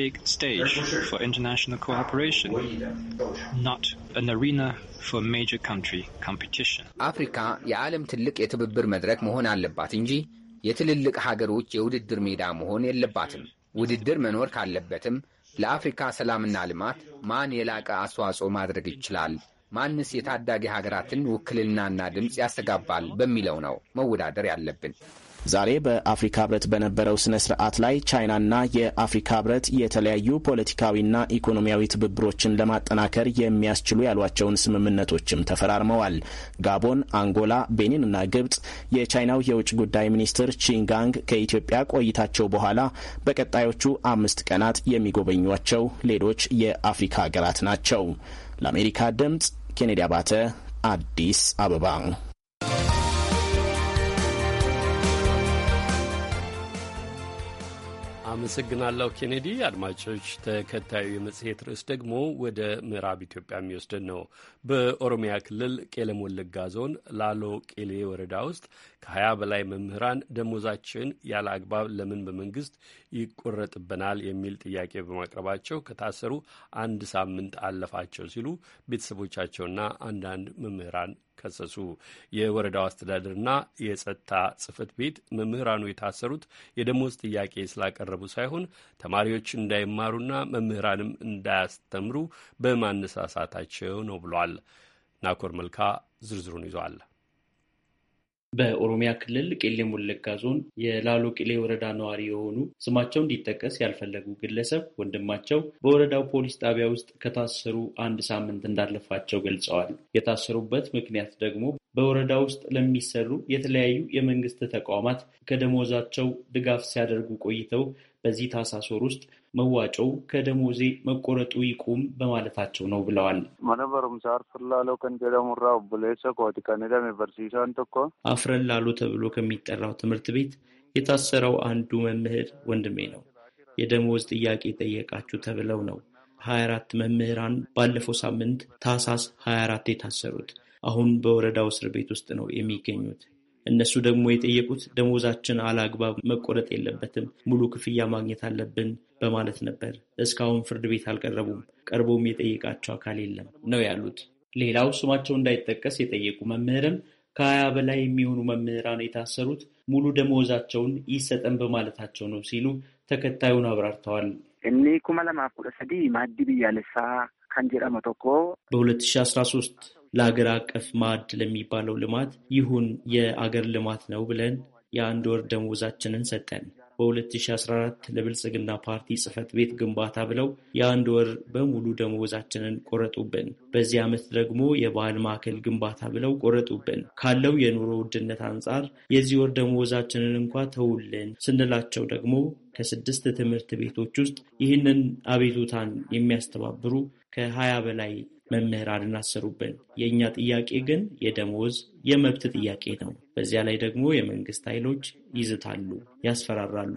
big stage for international cooperation, not an arena for major country competition. አፍሪካ የዓለም ትልቅ የትብብር መድረክ መሆን አለባት እንጂ የትልልቅ ሀገሮች የውድድር ሜዳ መሆን የለባትም። ውድድር መኖር ካለበትም ለአፍሪካ ሰላምና ልማት ማን የላቀ አስተዋጽኦ ማድረግ ይችላል፣ ማንስ የታዳጊ ሀገራትን ውክልናና ድምፅ ያስተጋባል በሚለው ነው መወዳደር ያለብን።
ዛሬ በአፍሪካ ህብረት በነበረው ስነ ስርዓት ላይ ቻይናና የአፍሪካ ህብረት የተለያዩ ፖለቲካዊና ኢኮኖሚያዊ ትብብሮችን ለማጠናከር የሚያስችሉ ያሏቸውን ስምምነቶችም ተፈራርመዋል። ጋቦን፣ አንጎላ፣ ቤኒንና ግብጽ የቻይናው የውጭ ጉዳይ ሚኒስትር ቺንጋንግ ከኢትዮጵያ ቆይታቸው በኋላ በቀጣዮቹ አምስት ቀናት የሚጎበኟቸው ሌሎች የአፍሪካ ሀገራት ናቸው። ለአሜሪካ ድምጽ ኬኔዲ አባተ አዲስ አበባ
አመሰግናለሁ ኬኔዲ። አድማጮች፣ ተከታዩ የመጽሔት ርዕስ ደግሞ ወደ ምዕራብ ኢትዮጵያ የሚወስድን ነው። በኦሮሚያ ክልል ቄለም ወለጋ ዞን ላሎ ቄሌ ወረዳ ውስጥ ከ20 በላይ መምህራን ደሞዛችን ያለ አግባብ ለምን በመንግስት ይቆረጥብናል የሚል ጥያቄ በማቅረባቸው ከታሰሩ አንድ ሳምንት አለፋቸው ሲሉ ቤተሰቦቻቸውና አንዳንድ መምህራን ከሰሱ። የወረዳው አስተዳደርና የጸጥታ ጽህፈት ቤት መምህራኑ የታሰሩት የደሞዝ ጥያቄ ስላቀረቡ ሳይሆን ተማሪዎች እንዳይማሩና መምህራንም እንዳያስተምሩ በማነሳሳታቸው ነው ብሏል። ናኮር መልካ ዝርዝሩን ይዟል። በኦሮሚያ ክልል ቄሌ ሞለጋ ዞን የላሎ ቄሌ
ወረዳ ነዋሪ የሆኑ ስማቸው እንዲጠቀስ ያልፈለጉ ግለሰብ ወንድማቸው በወረዳው ፖሊስ ጣቢያ ውስጥ ከታሰሩ አንድ ሳምንት እንዳለፋቸው ገልጸዋል። የታሰሩበት ምክንያት ደግሞ በወረዳ ውስጥ ለሚሰሩ የተለያዩ የመንግስት ተቋማት ከደሞዛቸው ድጋፍ ሲያደርጉ ቆይተው በዚህ ታህሳስ ወር ውስጥ መዋጮው ከደሞዜ መቆረጡ ይቁም በማለታቸው ነው ብለዋል። አፍረላሎ ተብሎ ከሚጠራው ትምህርት ቤት የታሰረው አንዱ መምህር ወንድሜ ነው። የደሞዝ ጥያቄ ጠየቃችሁ ተብለው ነው 24 መምህራን ባለፈው ሳምንት ታህሳስ 24 የታሰሩት አሁን በወረዳው እስር ቤት ውስጥ ነው የሚገኙት። እነሱ ደግሞ የጠየቁት ደሞዛችን አላግባብ መቆረጥ የለበትም፣ ሙሉ ክፍያ ማግኘት አለብን በማለት ነበር። እስካሁን ፍርድ ቤት አልቀረቡም፣ ቀርቦም የጠየቃቸው አካል የለም ነው ያሉት። ሌላው ስማቸው እንዳይጠቀስ የጠየቁ መምህርም ከሀያ በላይ የሚሆኑ መምህራን የታሰሩት ሙሉ ደመወዛቸውን ይሰጠን በማለታቸው ነው ሲሉ ተከታዩን አብራርተዋል።
እኔ ኩማ ለማፍ ቁደሰዲ ማዲ ብያለሳ ከንጀራመ
በ2013 ለአገር አቀፍ ማዕድ ለሚባለው ልማት ይሁን የአገር ልማት ነው ብለን የአንድ ወር ደመወዛችንን ሰጠን። በ2014 ለብልጽግና ፓርቲ ጽህፈት ቤት ግንባታ ብለው የአንድ ወር በሙሉ ደመወዛችንን ቆረጡብን። በዚህ ዓመት ደግሞ የባህል ማዕከል ግንባታ ብለው ቆረጡብን። ካለው የኑሮ ውድነት አንጻር የዚህ ወር ደመወዛችንን እንኳ ተውልን ስንላቸው ደግሞ ከስድስት ትምህርት ቤቶች ውስጥ ይህንን አቤቱታን የሚያስተባብሩ ከሀያ በላይ መምህር አልናሰሩብን። የእኛ ጥያቄ ግን የደሞዝ የመብት ጥያቄ ነው። በዚያ ላይ ደግሞ የመንግስት ኃይሎች ይዝታሉ፣ ያስፈራራሉ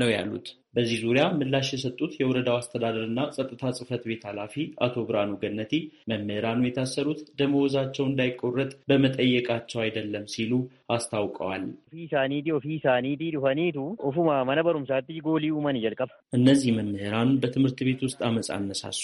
ነው ያሉት። በዚህ ዙሪያ ምላሽ የሰጡት የወረዳው አስተዳደርና ጸጥታ ጽህፈት ቤት ኃላፊ አቶ ብርሃኑ ገነቲ መምህራኑ የታሰሩት ደመወዛቸው እንዳይቆረጥ በመጠየቃቸው አይደለም ሲሉ አስታውቀዋል። እነዚህ መምህራን በትምህርት ቤት ውስጥ አመፅ አነሳሱ፣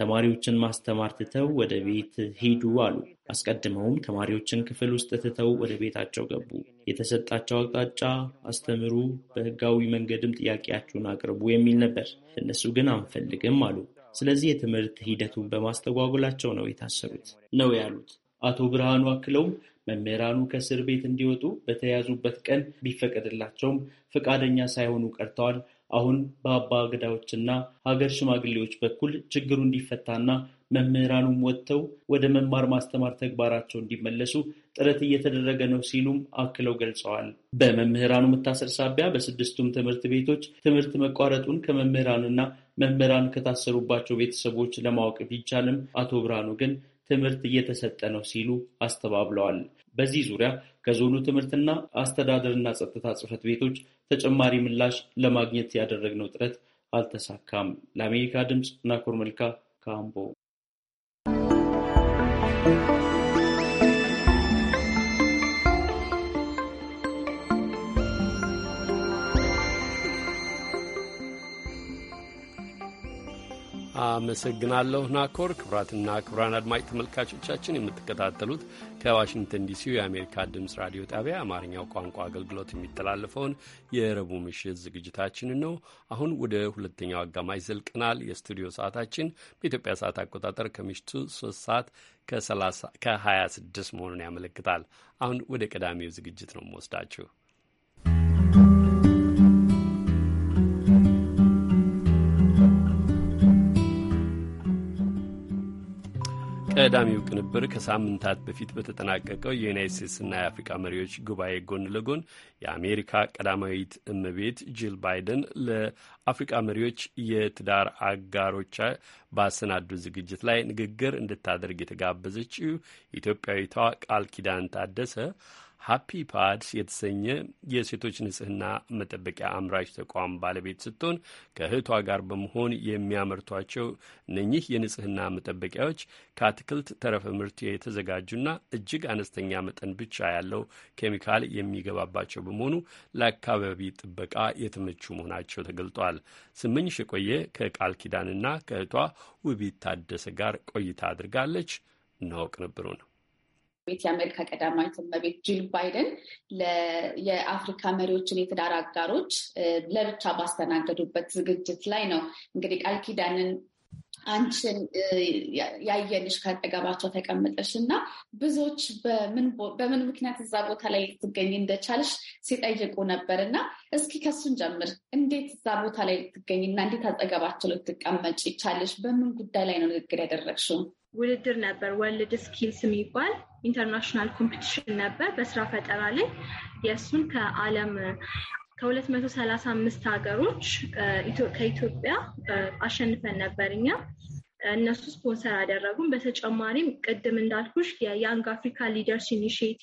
ተማሪዎችን ማስተማር ትተው ወደ ቤት ሂዱ አሉ። አስቀድመውም ተማሪዎችን ክፍል ውስጥ ትተው ወደ ቤታቸው ገቡ። የተሰጣቸው አቅጣጫ አስተምሩ፣ በህጋዊ መንገድም ጥያቄያችሁን አቅርቡ የሚል ነበር። እነሱ ግን አንፈልግም አሉ። ስለዚህ የትምህርት ሂደቱን በማስተጓጎላቸው ነው የታሰሩት ነው ያሉት አቶ ብርሃኑ አክለውም መምህራኑ ከእስር ቤት እንዲወጡ በተያዙበት ቀን ቢፈቀድላቸውም ፈቃደኛ ሳይሆኑ ቀርተዋል። አሁን በአባ ገዳዎችና ሀገር ሽማግሌዎች በኩል ችግሩ እንዲፈታና መምህራኑም ወጥተው ወደ መማር ማስተማር ተግባራቸው እንዲመለሱ ጥረት እየተደረገ ነው ሲሉም አክለው ገልጸዋል። በመምህራኑ መታሰር ሳቢያ በስድስቱም ትምህርት ቤቶች ትምህርት መቋረጡን ከመምህራንና መምህራን ከታሰሩባቸው ቤተሰቦች ለማወቅ ቢቻልም አቶ ብርሃኑ ግን ትምህርት እየተሰጠ ነው ሲሉ አስተባብለዋል። በዚህ ዙሪያ ከዞኑ ትምህርትና አስተዳደርና ጸጥታ ጽሕፈት ቤቶች ተጨማሪ ምላሽ ለማግኘት ያደረግነው ጥረት አልተሳካም። ለአሜሪካ ድምፅ ናኮር መልካ ከአምቦ
አመሰግናለሁ ናኮር። ክብራትና ክብራን አድማጭ ተመልካቾቻችን የምትከታተሉት ከዋሽንግተን ዲሲ የአሜሪካ ድምፅ ራዲዮ ጣቢያ አማርኛው ቋንቋ አገልግሎት የሚተላለፈውን የረቡዕ ምሽት ዝግጅታችንን ነው። አሁን ወደ ሁለተኛው አጋማሽ ዘልቀናል። የስቱዲዮ ሰዓታችን በኢትዮጵያ ሰዓት አቆጣጠር ከምሽቱ 3 ሰዓት ከ26 መሆኑን ያመለክታል። አሁን ወደ ቀዳሚው ዝግጅት ነው የምወስዳችሁ። ቀዳሚው ቅንብር ከሳምንታት በፊት በተጠናቀቀው የዩናይት ስቴትስና የአፍሪካ መሪዎች ጉባኤ ጎን ለጎን የአሜሪካ ቀዳማዊት እመቤት ጂል ባይደን ለአፍሪካ መሪዎች የትዳር አጋሮች ባሰናዱ ዝግጅት ላይ ንግግር እንድታደርግ የተጋበዘችው ኢትዮጵያዊቷ ቃል ኪዳን ታደሰ ሃፒ ፓድስ የተሰኘ የሴቶች ንጽህና መጠበቂያ አምራች ተቋም ባለቤት ስትሆን ከእህቷ ጋር በመሆን የሚያመርቷቸው እነኚህ የንጽህና መጠበቂያዎች ከአትክልት ተረፈ ምርት የተዘጋጁና እጅግ አነስተኛ መጠን ብቻ ያለው ኬሚካል የሚገባባቸው በመሆኑ ለአካባቢ ጥበቃ የተመቹ መሆናቸው ተገልጧል። ስመኝሽ የቆየ ከቃል ኪዳንና ከእህቷ ውቢት ታደሰ ጋር ቆይታ አድርጋለች። እናውቅ ነበሩ ነው
ቤት የአሜሪካ ቀዳማዊት እመቤት ጂል ባይደን የአፍሪካ መሪዎችን የትዳር አጋሮች ለብቻ ባስተናገዱበት ዝግጅት ላይ ነው እንግዲህ ቃል ኪዳንን አንቺን ያየንሽ ካጠገባቸው ተቀምጠሽ እና ብዙዎች በምን ምክንያት እዛ ቦታ ላይ ልትገኝ እንደቻልሽ ሲጠይቁ ነበር እና እስኪ ከሱን ጀምር። እንዴት እዛ ቦታ ላይ ልትገኝ እና እንዴት አጠገባቸው ልትቀመጭ ይቻልሽ? በምን ጉዳይ ላይ ነው ንግግር ያደረግሽው?
ውድድር ነበር። ወርልድ ስኪልስ የሚባል ኢንተርናሽናል ኮምፒቲሽን ነበር በስራ ፈጠራ ላይ የእሱን ከዓለም ከ235 ሀገሮች ከኢትዮጵያ አሸንፈን ነበር እኛ። እነሱ ስፖንሰር አደረጉም። በተጨማሪም ቅድም እንዳልኩሽ የያንግ አፍሪካ ሊደርስ ኢኒሽቲቭ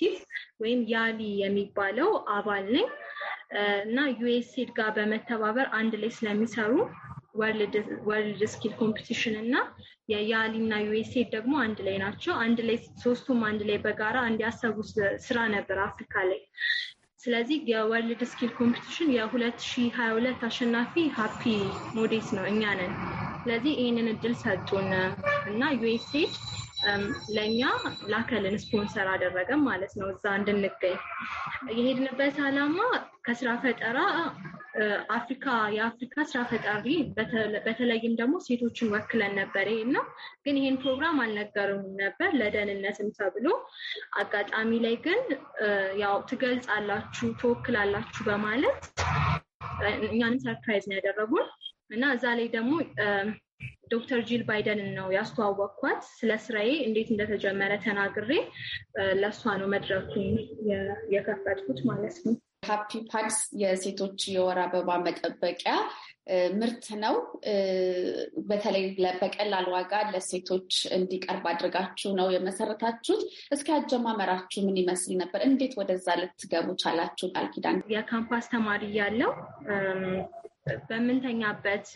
ወይም ያሊ የሚባለው አባል ነኝ እና ዩኤስኤድ ጋር በመተባበር አንድ ላይ ስለሚሰሩ ወርልድ ስኪል ኮምፒቲሽን እና የያሊ እና ዩኤስኤ ደግሞ አንድ ላይ ናቸው። አንድ ላይ ሶስቱም አንድ ላይ በጋራ እንዲያሰቡ ስራ ነበር አፍሪካ ላይ። ስለዚህ የወርልድ ስኪል ኮምፒቲሽን የ2022 አሸናፊ ሀፒ ሞዴስ ነው እኛ ነን። ስለዚህ ይህንን እድል ሰጡን እና ዩኤስኤ ለእኛ ላከልን ስፖንሰር አደረገም ማለት ነው። እዛ እንድንገኝ የሄድንበት አላማ ከስራ ፈጠራ አፍሪካ የአፍሪካ ስራ ፈጣሪ በተለይም ደግሞ ሴቶችን ወክለን ነበር። ይሄና ግን ይሄን ፕሮግራም አልነገርም ነበር ለደህንነትም ተብሎ አጋጣሚ ላይ ግን ያው ትገልጻላችሁ፣ ትወክላላችሁ በማለት እኛንም ሰርፕራይዝ ነው ያደረጉን እና እዛ ላይ ደግሞ ዶክተር ጂል ባይደንን ነው ያስተዋወቅኳት። ስለ ስራዬ እንዴት እንደተጀመረ ተናግሬ ለእሷ ነው
መድረኩን የከፈትኩት ማለት ነው። ሃፒ ፓድስ የሴቶች የወር አበባ መጠበቂያ ምርት ነው። በተለይ በቀላል ዋጋ ለሴቶች እንዲቀርብ አድርጋችሁ ነው የመሰረታችሁት። እስኪ አጀማመራችሁ ምን ይመስል ነበር? እንዴት ወደዛ ልትገቡ ቻላችሁ? ቃል ኪዳን
የካምፓስ ተማሪ ያለው በምንተኛበት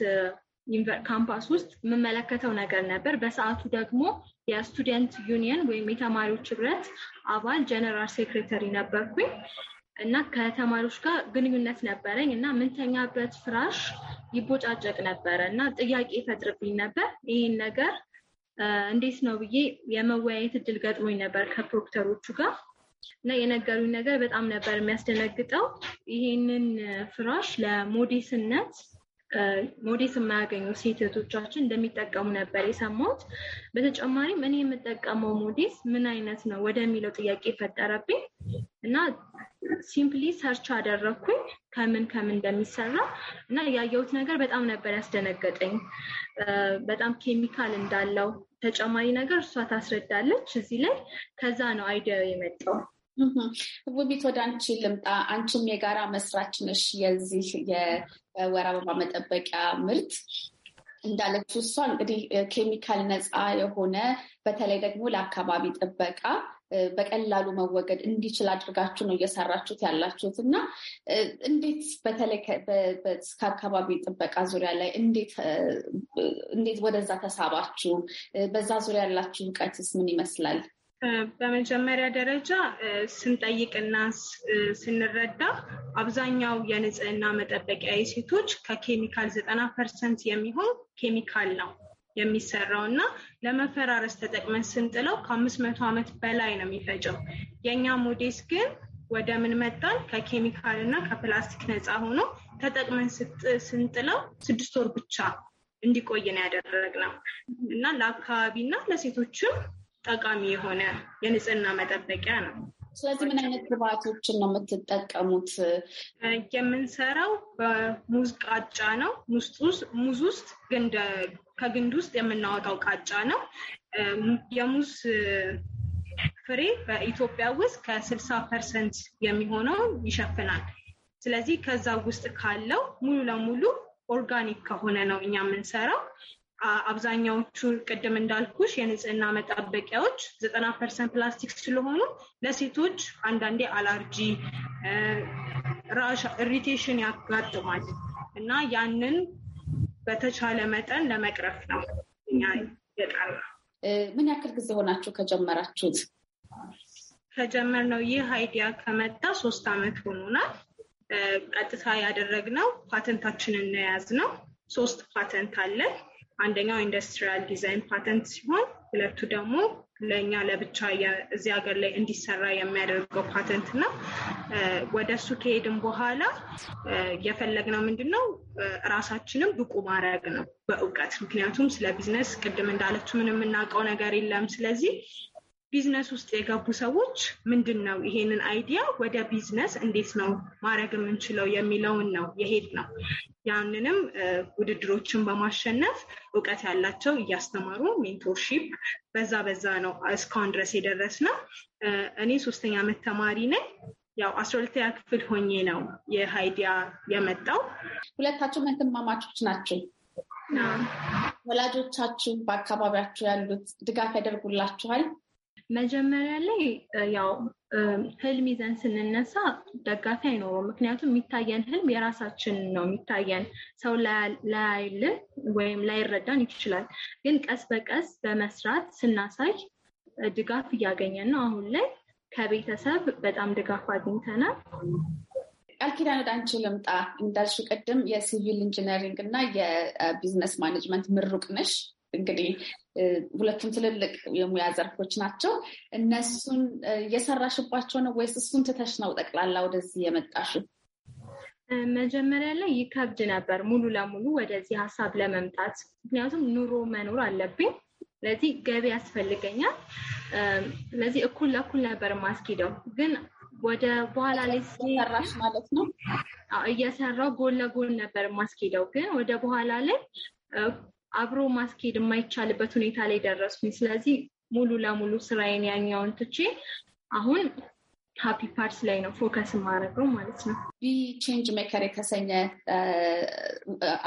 ካምፓስ ውስጥ የምመለከተው ነገር ነበር። በሰዓቱ ደግሞ የስቱደንት ዩኒየን ወይም የተማሪዎች ህብረት አባል ጀነራል ሴክሬተሪ ነበርኩኝ። እና ከተማሪዎች ጋር ግንኙነት ነበረኝ እና ምንተኛበት ፍራሽ ይቦጫጨቅ ነበረ እና ጥያቄ ይፈጥርብኝ ነበር። ይህን ነገር እንዴት ነው ብዬ የመወያየት እድል ገጥሞኝ ነበር ከፕሮክተሮቹ ጋር እና የነገሩኝ ነገር በጣም ነበር የሚያስደነግጠው። ይሄንን ፍራሽ ለሞዴስነት ሞዴስ የማያገኙ ሴት እህቶቻችን እንደሚጠቀሙ ነበር የሰማሁት። በተጨማሪም እኔ የምጠቀመው ሞዴስ ምን አይነት ነው ወደሚለው ጥያቄ ፈጠረብኝ እና ሲምፕሊ ሰርች አደረግኩኝ ከምን ከምን እንደሚሰራ እና ያየሁት ነገር በጣም ነበር ያስደነገጠኝ። በጣም ኬሚካል እንዳለው ተጨማሪ ነገር እሷ ታስረዳለች እዚህ ላይ። ከዛ ነው አይዲያው የመጣው።
ውቢት ወደ አንቺ ልምጣ። አንቺም የጋራ መስራች ነሽ የዚህ የወር አበባ መጠበቂያ ምርት እንዳለችው እሷ እንግዲህ ኬሚካል ነፃ የሆነ በተለይ ደግሞ ለአካባቢ ጥበቃ በቀላሉ መወገድ እንዲችል አድርጋችሁ ነው እየሰራችሁት ያላችሁት እና እንዴት በተለይ ከአካባቢ ጥበቃ ዙሪያ ላይ እንዴት ወደዛ ተሳባችሁ? በዛ ዙሪያ ያላችሁ እውቀትስ ምን ይመስላል?
በመጀመሪያ ደረጃ ስንጠይቅና ስንረዳ አብዛኛው የንጽህና መጠበቂያ የሴቶች ከኬሚካል ዘጠና ፐርሰንት የሚሆን ኬሚካል ነው የሚሰራው እና ለመፈራረስ ተጠቅመን ስንጥለው ከአምስት መቶ ዓመት በላይ ነው የሚፈጨው። የእኛ ሞዴስ ግን ወደ ምን መጣን? ከኬሚካል እና ከፕላስቲክ ነፃ ሆኖ ተጠቅመን ስንጥለው ስድስት ወር ብቻ እንዲቆይ ነው ያደረግነው እና ለአካባቢና ለሴቶችም ጠቃሚ የሆነ የንጽህና መጠበቂያ ነው።
ስለዚህ ምን አይነት ግብአቶችን ነው የምትጠቀሙት? የምንሰራው
በሙዝ ቃጫ ነው። ሙዝ ውስጥ ከግንድ ውስጥ የምናወጣው ቃጫ ነው። የሙዝ ፍሬ በኢትዮጵያ ውስጥ ከስልሳ ፐርሰንት የሚሆነው ይሸፍናል። ስለዚህ ከዛ ውስጥ ካለው ሙሉ ለሙሉ ኦርጋኒክ ከሆነ ነው እኛ የምንሰራው። አብዛኛዎቹ ቅድም እንዳልኩሽ የንጽህና መጠበቂያዎች ዘጠና ፐርሰንት ፕላስቲክ ስለሆኑ ለሴቶች አንዳንዴ አላርጂ ራሽ ኢሪቴሽን ያጋጥማል እና ያንን በተቻለ መጠን ለመቅረፍ ነው
እኛ ምን ያክል ጊዜ ሆናችሁ ከጀመራችሁት?
ከጀመርነው ይህ አይዲያ ከመጣ ሶስት አመት ሆኖናል። ቀጥታ ያደረግነው ፓተንታችንን ነያዝ ነው። ሶስት ፓተንት አለን። አንደኛው ኢንዱስትሪያል ዲዛይን ፓተንት ሲሆን ሁለቱ ደግሞ ለእኛ ለብቻ እዚህ ሀገር ላይ እንዲሰራ የሚያደርገው ፓተንት ነው። ወደ እሱ ከሄድን በኋላ የፈለግነው ምንድን ነው ራሳችንም ብቁ ማድረግ ነው በእውቀት ምክንያቱም ስለ ቢዝነስ ቅድም እንዳለችው ምንም የምናውቀው ነገር የለም። ስለዚህ ቢዝነስ ውስጥ የገቡ ሰዎች ምንድን ነው ይሄንን አይዲያ ወደ ቢዝነስ እንዴት ነው ማድረግ የምንችለው የሚለውን ነው የሄድ ነው። ያንንም ውድድሮችን በማሸነፍ እውቀት ያላቸው እያስተማሩ ሜንቶርሺፕ በዛ በዛ ነው እስካሁን ድረስ የደረስ ነው። እኔ ሶስተኛ ዓመት ተማሪ ነኝ። ያው አስራሁለተኛ ክፍል ሆኜ ነው ይህ አይዲያ የመጣው።
ሁለታቸው መንትማማቾች ናቸው። ወላጆቻችሁ በአካባቢያችሁ ያሉት ድጋፍ ያደርጉላችኋል? መጀመሪያ ላይ ያው
ህልም ይዘን ስንነሳ ደጋፊ አይኖረውም። ምክንያቱም የሚታየን ህልም የራሳችን ነው የሚታየን ሰው ላያይል ወይም ላይረዳን ይችላል። ግን ቀስ በቀስ በመስራት ስናሳይ ድጋፍ እያገኘን ነው። አሁን ላይ ከቤተሰብ
በጣም ድጋፍ አግኝተናል። ቃል ኪዳን ወደ አንቺ ልምጣ። እንዳልሽው ቅድም የሲቪል ኢንጂነሪንግ እና የቢዝነስ ማኔጅመንት ምሩቅ ነሽ። እንግዲህ ሁለቱም ትልልቅ የሙያ ዘርፎች ናቸው። እነሱን እየሰራሽባቸው ነው ወይስ እሱን ትተሽ ነው ጠቅላላ ወደዚህ የመጣሽው?
መጀመሪያ ላይ ይከብድ ነበር ሙሉ ለሙሉ ወደዚህ ሀሳብ ለመምጣት ምክንያቱም ኑሮ መኖር አለብኝ። ስለዚህ ገቢ ያስፈልገኛል። ስለዚህ እኩል ለእኩል ነበር ማስኪደው ግን ወደ በኋላ ላይ ሲሰራሽ ማለት ነው እየሰራው ጎን ለጎን ነበር ማስኪደው ግን ወደ በኋላ ላይ አብሮ ማስኬድ የማይቻልበት ሁኔታ ላይ ደረስኩኝ። ስለዚህ ሙሉ ለሙሉ ስራዬን ያኛውን ትቼ አሁን
ሀፒ ፓርትስ ላይ ነው ፎከስ የማደርገው ማለት ነው። ይህ ቼንጅ ሜከር የተሰኘ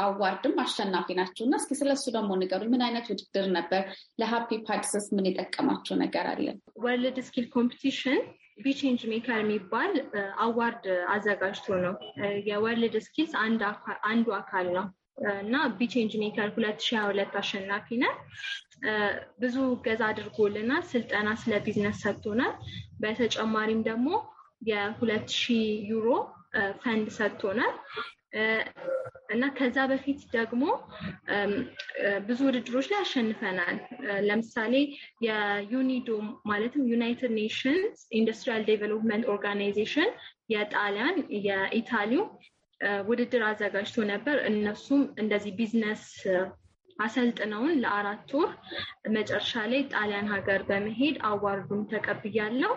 አዋርድም አሸናፊ ናቸው እና እስኪ ስለሱ ደግሞ ንገሩ። ምን አይነት ውድድር ነበር? ለሀፒ ፓርትስስ ምን የጠቀማቸው ነገር አለ?
ወርልድ ስኪል ኮምፒቲሽን ቢቼንጅ ሜከር የሚባል አዋርድ አዘጋጅቶ ነው። የወርልድ ስኪልስ አንዱ አካል ነው። እና ቢቼንጅ ሜከር ሁለት ሺህ ሀያ ሁለት አሸናፊ ነን። ብዙ ገዛ አድርጎልናል። ስልጠና ስለ ቢዝነስ ሰጥቶናል። በተጨማሪም ደግሞ የሁለት ሺህ ዩሮ ፈንድ ሰጥቶናል እና ከዛ በፊት ደግሞ ብዙ ውድድሮች ላይ አሸንፈናል። ለምሳሌ የዩኒዶ ማለትም ዩናይትድ ኔሽንስ ኢንዱስትሪያል ዴቨሎፕመንት ኦርጋናይዜሽን የጣሊያን የኢታሊው ውድድር አዘጋጅቶ ነበር። እነሱም እንደዚህ ቢዝነስ አሰልጥነውን ለአራት ወር መጨረሻ ላይ ጣሊያን ሀገር በመሄድ አዋርዱን ተቀብያለው።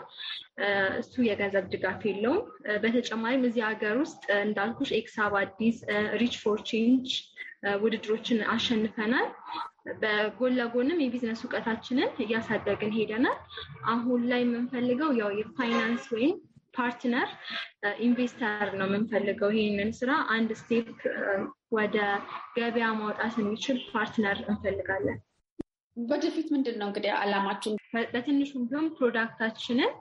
እሱ የገንዘብ ድጋፍ የለውም። በተጨማሪም እዚህ ሀገር ውስጥ እንዳልኩሽ ኤክሳብ አዲስ፣ ሪች ፎር ቼንጅ ውድድሮችን አሸንፈናል። በጎን ለጎንም የቢዝነስ እውቀታችንን እያሳደግን ሄደናል። አሁን ላይ የምንፈልገው ያው የፋይናንስ ወይም ፓርትነር ኢንቨስተር ነው የምንፈልገው። ይህንን ስራ አንድ ስቴፕ ወደ ገበያ ማውጣት የሚችል ፓርትነር እንፈልጋለን። ወደፊት ምንድን ነው እንግዲህ አላማችን በትንሹም ቢሆን ፕሮዳክታችንን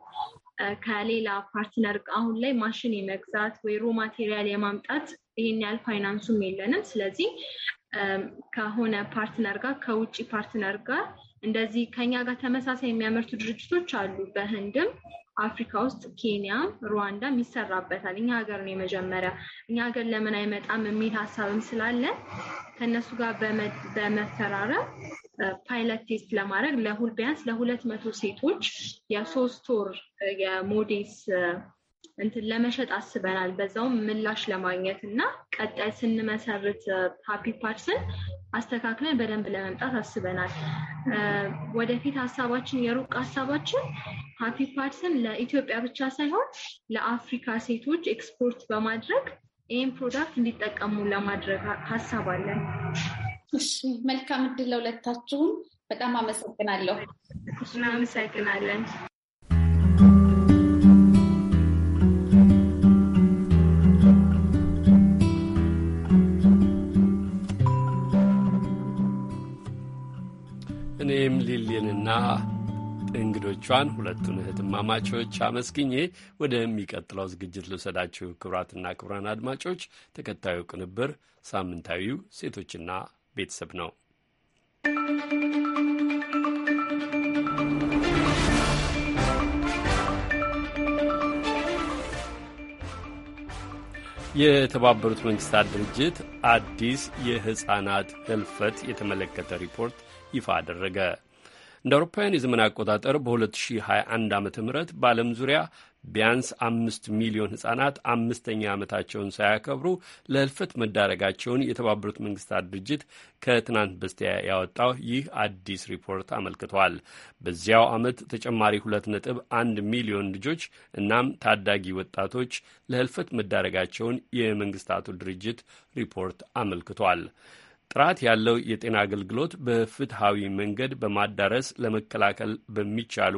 ከሌላ ፓርትነር አሁን ላይ ማሽን የመግዛት ወይ ሮ ማቴሪያል የማምጣት ይህን ያህል ፋይናንሱም የለንም። ስለዚህ ከሆነ ፓርትነር ጋር ከውጭ ፓርትነር ጋር እንደዚህ ከኛ ጋር ተመሳሳይ የሚያመርቱ ድርጅቶች አሉ በህንድም አፍሪካ ውስጥ ኬንያ፣ ሩዋንዳም ይሰራበታል። እኛ ሀገር ነው የመጀመሪያ። እኛ ሀገር ለምን አይመጣም የሚል ሀሳብም ስላለ ከእነሱ ጋር በመፈራረብ ፓይለት ቴስት ለማድረግ ለሁል ቢያንስ ለሁለት መቶ ሴቶች የሶስት ወር የሞዴስ እንትን ለመሸጥ አስበናል። በዛውም ምላሽ ለማግኘት እና ቀጣይ ስንመሰርት ሀፒ ፓርስን አስተካክለን በደንብ ለመምጣት አስበናል። ወደፊት ሀሳባችን የሩቅ ሀሳባችን ሃፒ ፓርስን ለኢትዮጵያ ብቻ ሳይሆን ለአፍሪካ ሴቶች ኤክስፖርት በማድረግ ይህን ፕሮዳክት እንዲጠቀሙ ለማድረግ ሀሳብ አለን።
እሺ፣ መልካም እድል ለሁለታችሁም። በጣም አመሰግናለሁ። እናመሰግናለን።
እኔም ሊሊንና እንግዶቿን ሁለቱን እህትማማቾች አመስግኜ ወደሚቀጥለው ዝግጅት ልውሰዳችሁ። ክቡራትና ክቡራን አድማጮች ተከታዩ ቅንብር ሳምንታዊው ሴቶችና ቤተሰብ ነው። የተባበሩት መንግስታት ድርጅት አዲስ የሕፃናት ህልፈት የተመለከተ ሪፖርት ይፋ አደረገ። እንደ አውሮፓውያን የዘመን አቆጣጠር በ2021 ዓ ም በዓለም ዙሪያ ቢያንስ አምስት ሚሊዮን ህጻናት አምስተኛ ዓመታቸውን ሳያከብሩ ለህልፈት መዳረጋቸውን የተባበሩት መንግስታት ድርጅት ከትናንት በስቲያ ያወጣው ይህ አዲስ ሪፖርት አመልክቷል። በዚያው ዓመት ተጨማሪ ሁለት ነጥብ አንድ ሚሊዮን ልጆች እናም ታዳጊ ወጣቶች ለህልፈት መዳረጋቸውን የመንግስታቱ ድርጅት ሪፖርት አመልክቷል። ጥራት ያለው የጤና አገልግሎት በፍትሐዊ መንገድ በማዳረስ ለመከላከል በሚቻሉ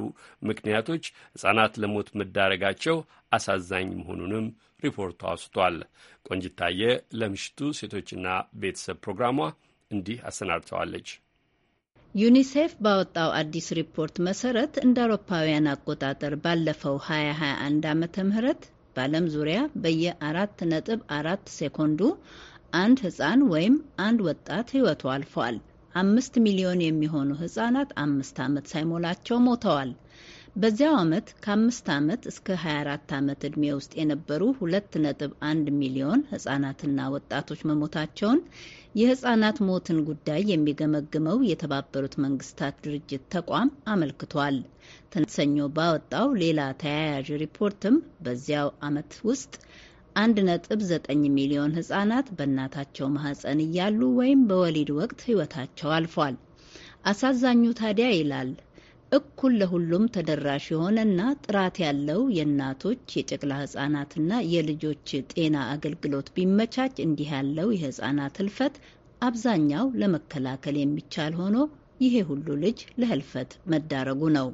ምክንያቶች ሕፃናት ለሞት መዳረጋቸው አሳዛኝ መሆኑንም ሪፖርቱ አውስቷል። ቆንጅታየ ለምሽቱ ሴቶችና ቤተሰብ ፕሮግራሟ እንዲህ አሰናድተዋለች።
ዩኒሴፍ ባወጣው አዲስ ሪፖርት መሰረት እንደ አውሮፓውያን አቆጣጠር ባለፈው 2021 ዓመተ ምህረት በዓለም ዙሪያ በየ4 ነጥብ 4 ሴኮንዱ አንድ ህጻን ወይም አንድ ወጣት ህይወቱ አልፏል። አምስት ሚሊዮን የሚሆኑ ህጻናት አምስት ዓመት ሳይሞላቸው ሞተዋል። በዚያው ዓመት ከአምስት ዓመት እስከ 24 ዓመት ዕድሜ ውስጥ የነበሩ ሁለት ነጥብ ሚሊዮን ህጻናትና ወጣቶች መሞታቸውን የህጻናት ሞትን ጉዳይ የሚገመግመው የተባበሩት መንግስታት ድርጅት ተቋም አመልክቷል። ትናንት ሰኞ ባወጣው ሌላ ተያያዥ ሪፖርትም በዚያው ዓመት ውስጥ 1.9 ሚሊዮን ህጻናት በእናታቸው ማህፀን እያሉ ወይም በወሊድ ወቅት ህይወታቸው አልፏል። አሳዛኙ ታዲያ ይላል እኩል ለሁሉም ተደራሽ የሆነና ጥራት ያለው የእናቶች የጨቅላ ህጻናትና የልጆች ጤና አገልግሎት ቢመቻች እንዲህ ያለው የህጻናት ህልፈት አብዛኛው ለመከላከል የሚቻል ሆኖ ይሄ ሁሉ ልጅ ለህልፈት መዳረጉ ነው።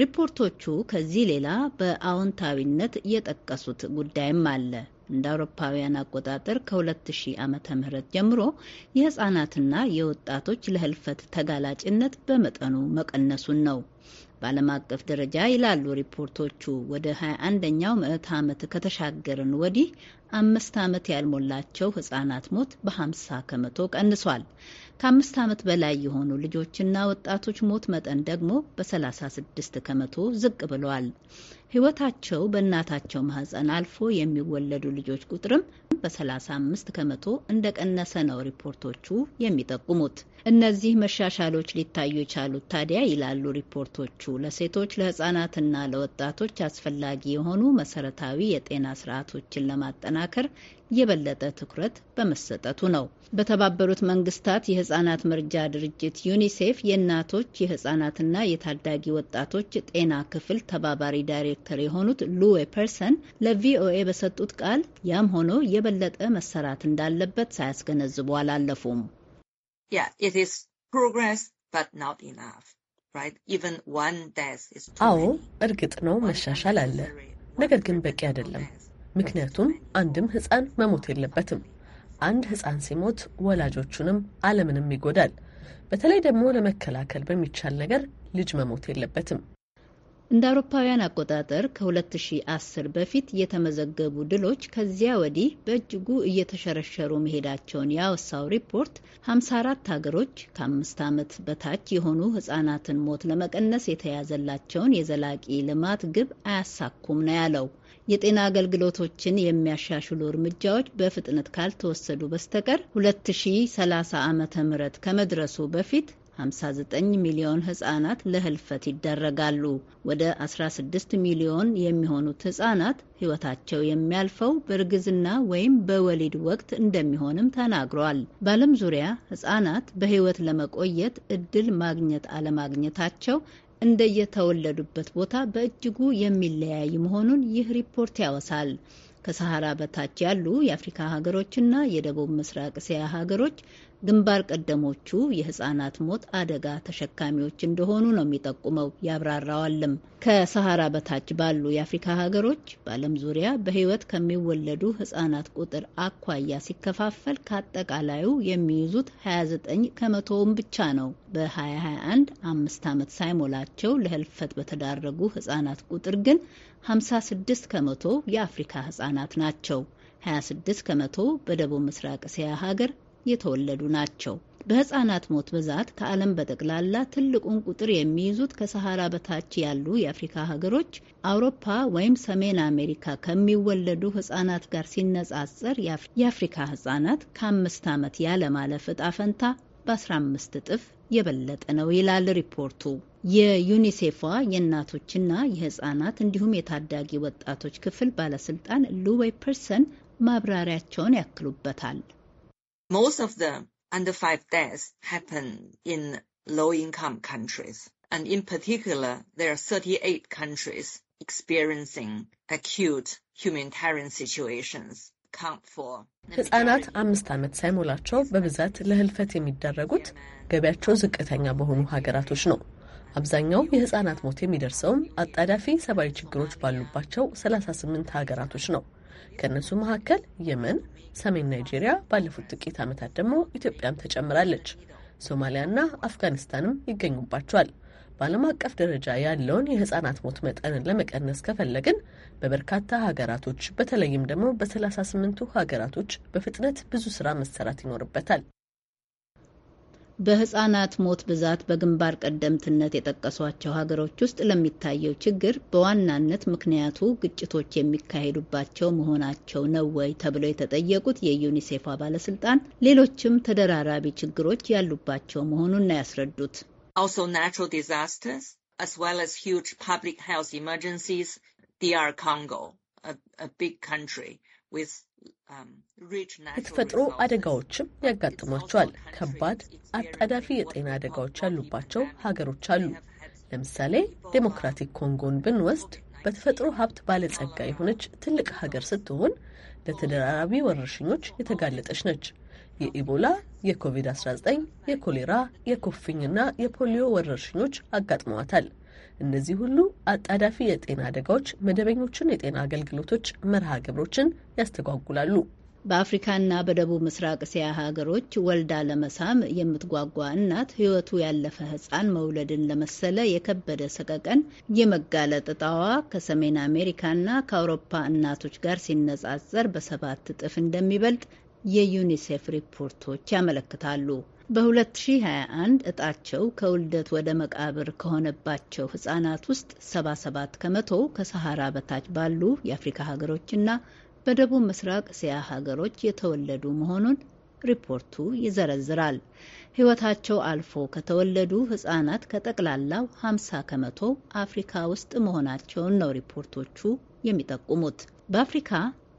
ሪፖርቶቹ ከዚህ ሌላ በአዎንታዊነት የጠቀሱት ጉዳይም አለ። እንደ አውሮፓውያን አቆጣጠር ከ2000 ዓመተ ምህረት ጀምሮ የህጻናትና የወጣቶች ለህልፈት ተጋላጭነት በመጠኑ መቀነሱን ነው። በዓለም አቀፍ ደረጃ ይላሉ ሪፖርቶቹ ወደ 21ኛው ምዕት ዓመት ከተሻገርን ወዲህ አምስት ዓመት ያልሞላቸው ህጻናት ሞት በ50 ከመቶ ቀንሷል። ከአምስት ዓመት በላይ የሆኑ ልጆችና ወጣቶች ሞት መጠን ደግሞ በ36 ከመቶ ዝቅ ብለዋል። ሕይወታቸው በእናታቸው ማህፀን አልፎ የሚወለዱ ልጆች ቁጥርም በ35 ከመቶ እንደቀነሰ ነው ሪፖርቶቹ የሚጠቁሙት። እነዚህ መሻሻሎች ሊታዩ የቻሉት ታዲያ ይላሉ ሪፖርቶቹ፣ ለሴቶች ለህጻናትና ለወጣቶች አስፈላጊ የሆኑ መሰረታዊ የጤና ስርዓቶችን ለማጠናከር የበለጠ ትኩረት በመሰጠቱ ነው። በተባበሩት መንግስታት የህጻናት መርጃ ድርጅት ዩኒሴፍ የእናቶች የህጻናትና የታዳጊ ወጣቶች ጤና ክፍል ተባባሪ ዳይሬክተር የሆኑት ሉዌ ፐርሰን ለቪኦኤ በሰጡት ቃል ያም ሆኖ የበለጠ መሰራት እንዳለበት ሳያስገነዝቡ አላለፉም። አዎ እርግጥ ነው መሻሻል አለ፣
ነገር ግን በቂ አይደለም። ምክንያቱም አንድም ህፃን መሞት የለበትም። አንድ ህፃን ሲሞት ወላጆቹንም ዓለምንም ይጎዳል። በተለይ ደግሞ ለመከላከል
በሚቻል ነገር ልጅ መሞት የለበትም። እንደ አውሮፓውያን አቆጣጠር ከ2010 በፊት የተመዘገቡ ድሎች ከዚያ ወዲህ በእጅጉ እየተሸረሸሩ መሄዳቸውን ያወሳው ሪፖርት 54 ሀገሮች ከአምስት ዓመት በታች የሆኑ ህጻናትን ሞት ለመቀነስ የተያዘላቸውን የዘላቂ ልማት ግብ አያሳኩም ነው ያለው። የጤና አገልግሎቶችን የሚያሻሽሉ እርምጃዎች በፍጥነት ካልተወሰዱ በስተቀር 2030 ዓ ም ከመድረሱ በፊት 59 ሚሊዮን ህጻናት ለህልፈት ይደረጋሉ። ወደ 16 ሚሊዮን የሚሆኑት ህጻናት ህይወታቸው የሚያልፈው በእርግዝና ወይም በወሊድ ወቅት እንደሚሆንም ተናግሯል። በዓለም ዙሪያ ህጻናት በህይወት ለመቆየት እድል ማግኘት አለማግኘታቸው እንደየተወለዱበት ቦታ በእጅጉ የሚለያይ መሆኑን ይህ ሪፖርት ያወሳል። ከሰሃራ በታች ያሉ የአፍሪካ ሀገሮችና የደቡብ ምስራቅ እስያ ሀገሮች ግንባር ቀደሞቹ የህጻናት ሞት አደጋ ተሸካሚዎች እንደሆኑ ነው የሚጠቁመው። ያብራራዋልም ከሰሃራ በታች ባሉ የአፍሪካ ሀገሮች በዓለም ዙሪያ በህይወት ከሚወለዱ ህጻናት ቁጥር አኳያ ሲከፋፈል ከአጠቃላዩ የሚይዙት 29 ከመቶውን ብቻ ነው። በ2021 አምስት ዓመት ሳይሞላቸው ለህልፈት በተዳረጉ ህጻናት ቁጥር ግን 56 ከመቶ የአፍሪካ ህጻናት ናቸው። 26 ከመቶ በደቡብ ምስራቅ እስያ ሀገር የተወለዱ ናቸው። በህጻናት ሞት ብዛት ከዓለም በጠቅላላ ትልቁን ቁጥር የሚይዙት ከሰሃራ በታች ያሉ የአፍሪካ ሀገሮች፣ አውሮፓ ወይም ሰሜን አሜሪካ ከሚወለዱ ህጻናት ጋር ሲነጻጸር የአፍሪካ ህጻናት ከአምስት ዓመት ያለማለፍ እጣ ፈንታ በ15 እጥፍ የበለጠ ነው ይላል ሪፖርቱ። የዩኒሴፏ የእናቶችና የህጻናት እንዲሁም የታዳጊ ወጣቶች ክፍል ባለስልጣን ሉዌይ ፐርሰን ማብራሪያቸውን ያክሉበታል።
Most of the under five deaths happen in low-income
countries, and in particular, there are 38 countries experiencing acute humanitarian situations.
ህጻናት አምስት ዓመት ሳይሞላቸው በብዛት ለህልፈት የሚዳረጉት ገቢያቸው ዝቅተኛ በሆኑ ሀገራቶች ነው። አብዛኛው የህጻናት ሞት የሚደርሰውም አጣዳፊ ሰብአዊ ችግሮች ባሉባቸው 38 ሀገራቶች ነው። ከእነሱ መካከል የመን፣ ሰሜን ናይጄሪያ፣ ባለፉት ጥቂት ዓመታት ደግሞ ኢትዮጵያም ተጨምራለች። ሶማሊያና አፍጋኒስታንም ይገኙባቸዋል። በዓለም አቀፍ ደረጃ ያለውን የህጻናት ሞት መጠንን ለመቀነስ ከፈለግን በበርካታ ሀገራቶች በተለይም ደግሞ በሰላሳ ስምንቱ ሀገራቶች በፍጥነት ብዙ ስራ መሰራት ይኖርበታል።
በህጻናት ሞት ብዛት በግንባር ቀደምትነት የጠቀሷቸው ሀገሮች ውስጥ ለሚታየው ችግር በዋናነት ምክንያቱ ግጭቶች የሚካሄዱባቸው መሆናቸው ነው ወይ ተብለው የተጠየቁት የዩኒሴፏ ባለስልጣን ሌሎችም ተደራራቢ ችግሮች ያሉባቸው መሆኑን ነው ያስረዱት። ዲአር ኮንጎ
የተፈጥሮ አደጋዎችም ያጋጥሟቸዋል። ከባድ አጣዳፊ የጤና አደጋዎች ያሉባቸው ሀገሮች አሉ። ለምሳሌ ዴሞክራቲክ ኮንጎን ብንወስድ በተፈጥሮ ሀብት ባለጸጋ የሆነች ትልቅ ሀገር ስትሆን ለተደራራቢ ወረርሽኞች የተጋለጠች ነች። የኢቦላ፣ የኮቪድ-19፣ የኮሌራ፣ የኩፍኝና የፖሊዮ ወረርሽኞች አጋጥመዋታል። እነዚህ ሁሉ አጣዳፊ የጤና አደጋዎች መደበኞቹን የጤና አገልግሎቶች መርሃ ግብሮችን ያስተጓጉላሉ።
በአፍሪካና በደቡብ ምስራቅ እስያ ሀገሮች ወልዳ ለመሳም የምትጓጓ እናት ሕይወቱ ያለፈ ሕፃን መውለድን ለመሰለ የከበደ ሰቀቀን የመጋለጥ እጣዋ ከሰሜን አሜሪካና ከአውሮፓ እናቶች ጋር ሲነጻጸር በሰባት እጥፍ እንደሚበልጥ የዩኒሴፍ ሪፖርቶች ያመለክታሉ። በ2021 እጣቸው ከውልደት ወደ መቃብር ከሆነባቸው ህጻናት ውስጥ 77 ከመቶ ከሰሃራ በታች ባሉ የአፍሪካ ሀገሮችና በደቡብ ምስራቅ እስያ ሀገሮች የተወለዱ መሆኑን ሪፖርቱ ይዘረዝራል። ህይወታቸው አልፎ ከተወለዱ ህጻናት ከጠቅላላው 50 ከመቶ አፍሪካ ውስጥ መሆናቸውን ነው ሪፖርቶቹ የሚጠቁሙት። በአፍሪካ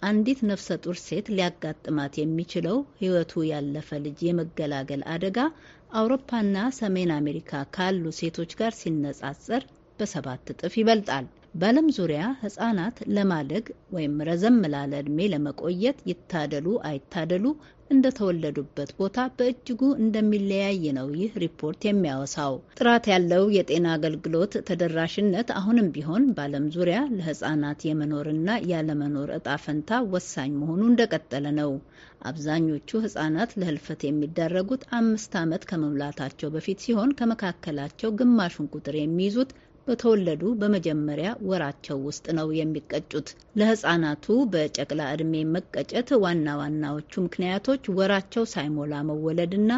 አንዲት ነፍሰ ጡር ሴት ሊያጋጥማት የሚችለው ሕይወቱ ያለፈ ልጅ የመገላገል አደጋ አውሮፓና ሰሜን አሜሪካ ካሉ ሴቶች ጋር ሲነጻጸር በሰባት እጥፍ ይበልጣል። በዓለም ዙሪያ ህጻናት ለማደግ ወይም ረዘም ላለ እድሜ ለመቆየት ይታደሉ አይታደሉ እንደተወለዱበት ቦታ በእጅጉ እንደሚለያይ ነው ይህ ሪፖርት የሚያወሳው። ጥራት ያለው የጤና አገልግሎት ተደራሽነት አሁንም ቢሆን በዓለም ዙሪያ ለህጻናት የመኖርና ያለመኖር እጣ ፈንታ ወሳኝ መሆኑ እንደቀጠለ ነው። አብዛኞቹ ህጻናት ለህልፈት የሚደረጉት አምስት ዓመት ከመሙላታቸው በፊት ሲሆን ከመካከላቸው ግማሹን ቁጥር የሚይዙት በተወለዱ በመጀመሪያ ወራቸው ውስጥ ነው የሚቀጩት። ለህፃናቱ በጨቅላ ዕድሜ መቀጨት ዋና ዋናዎቹ ምክንያቶች ወራቸው ሳይሞላ መወለድና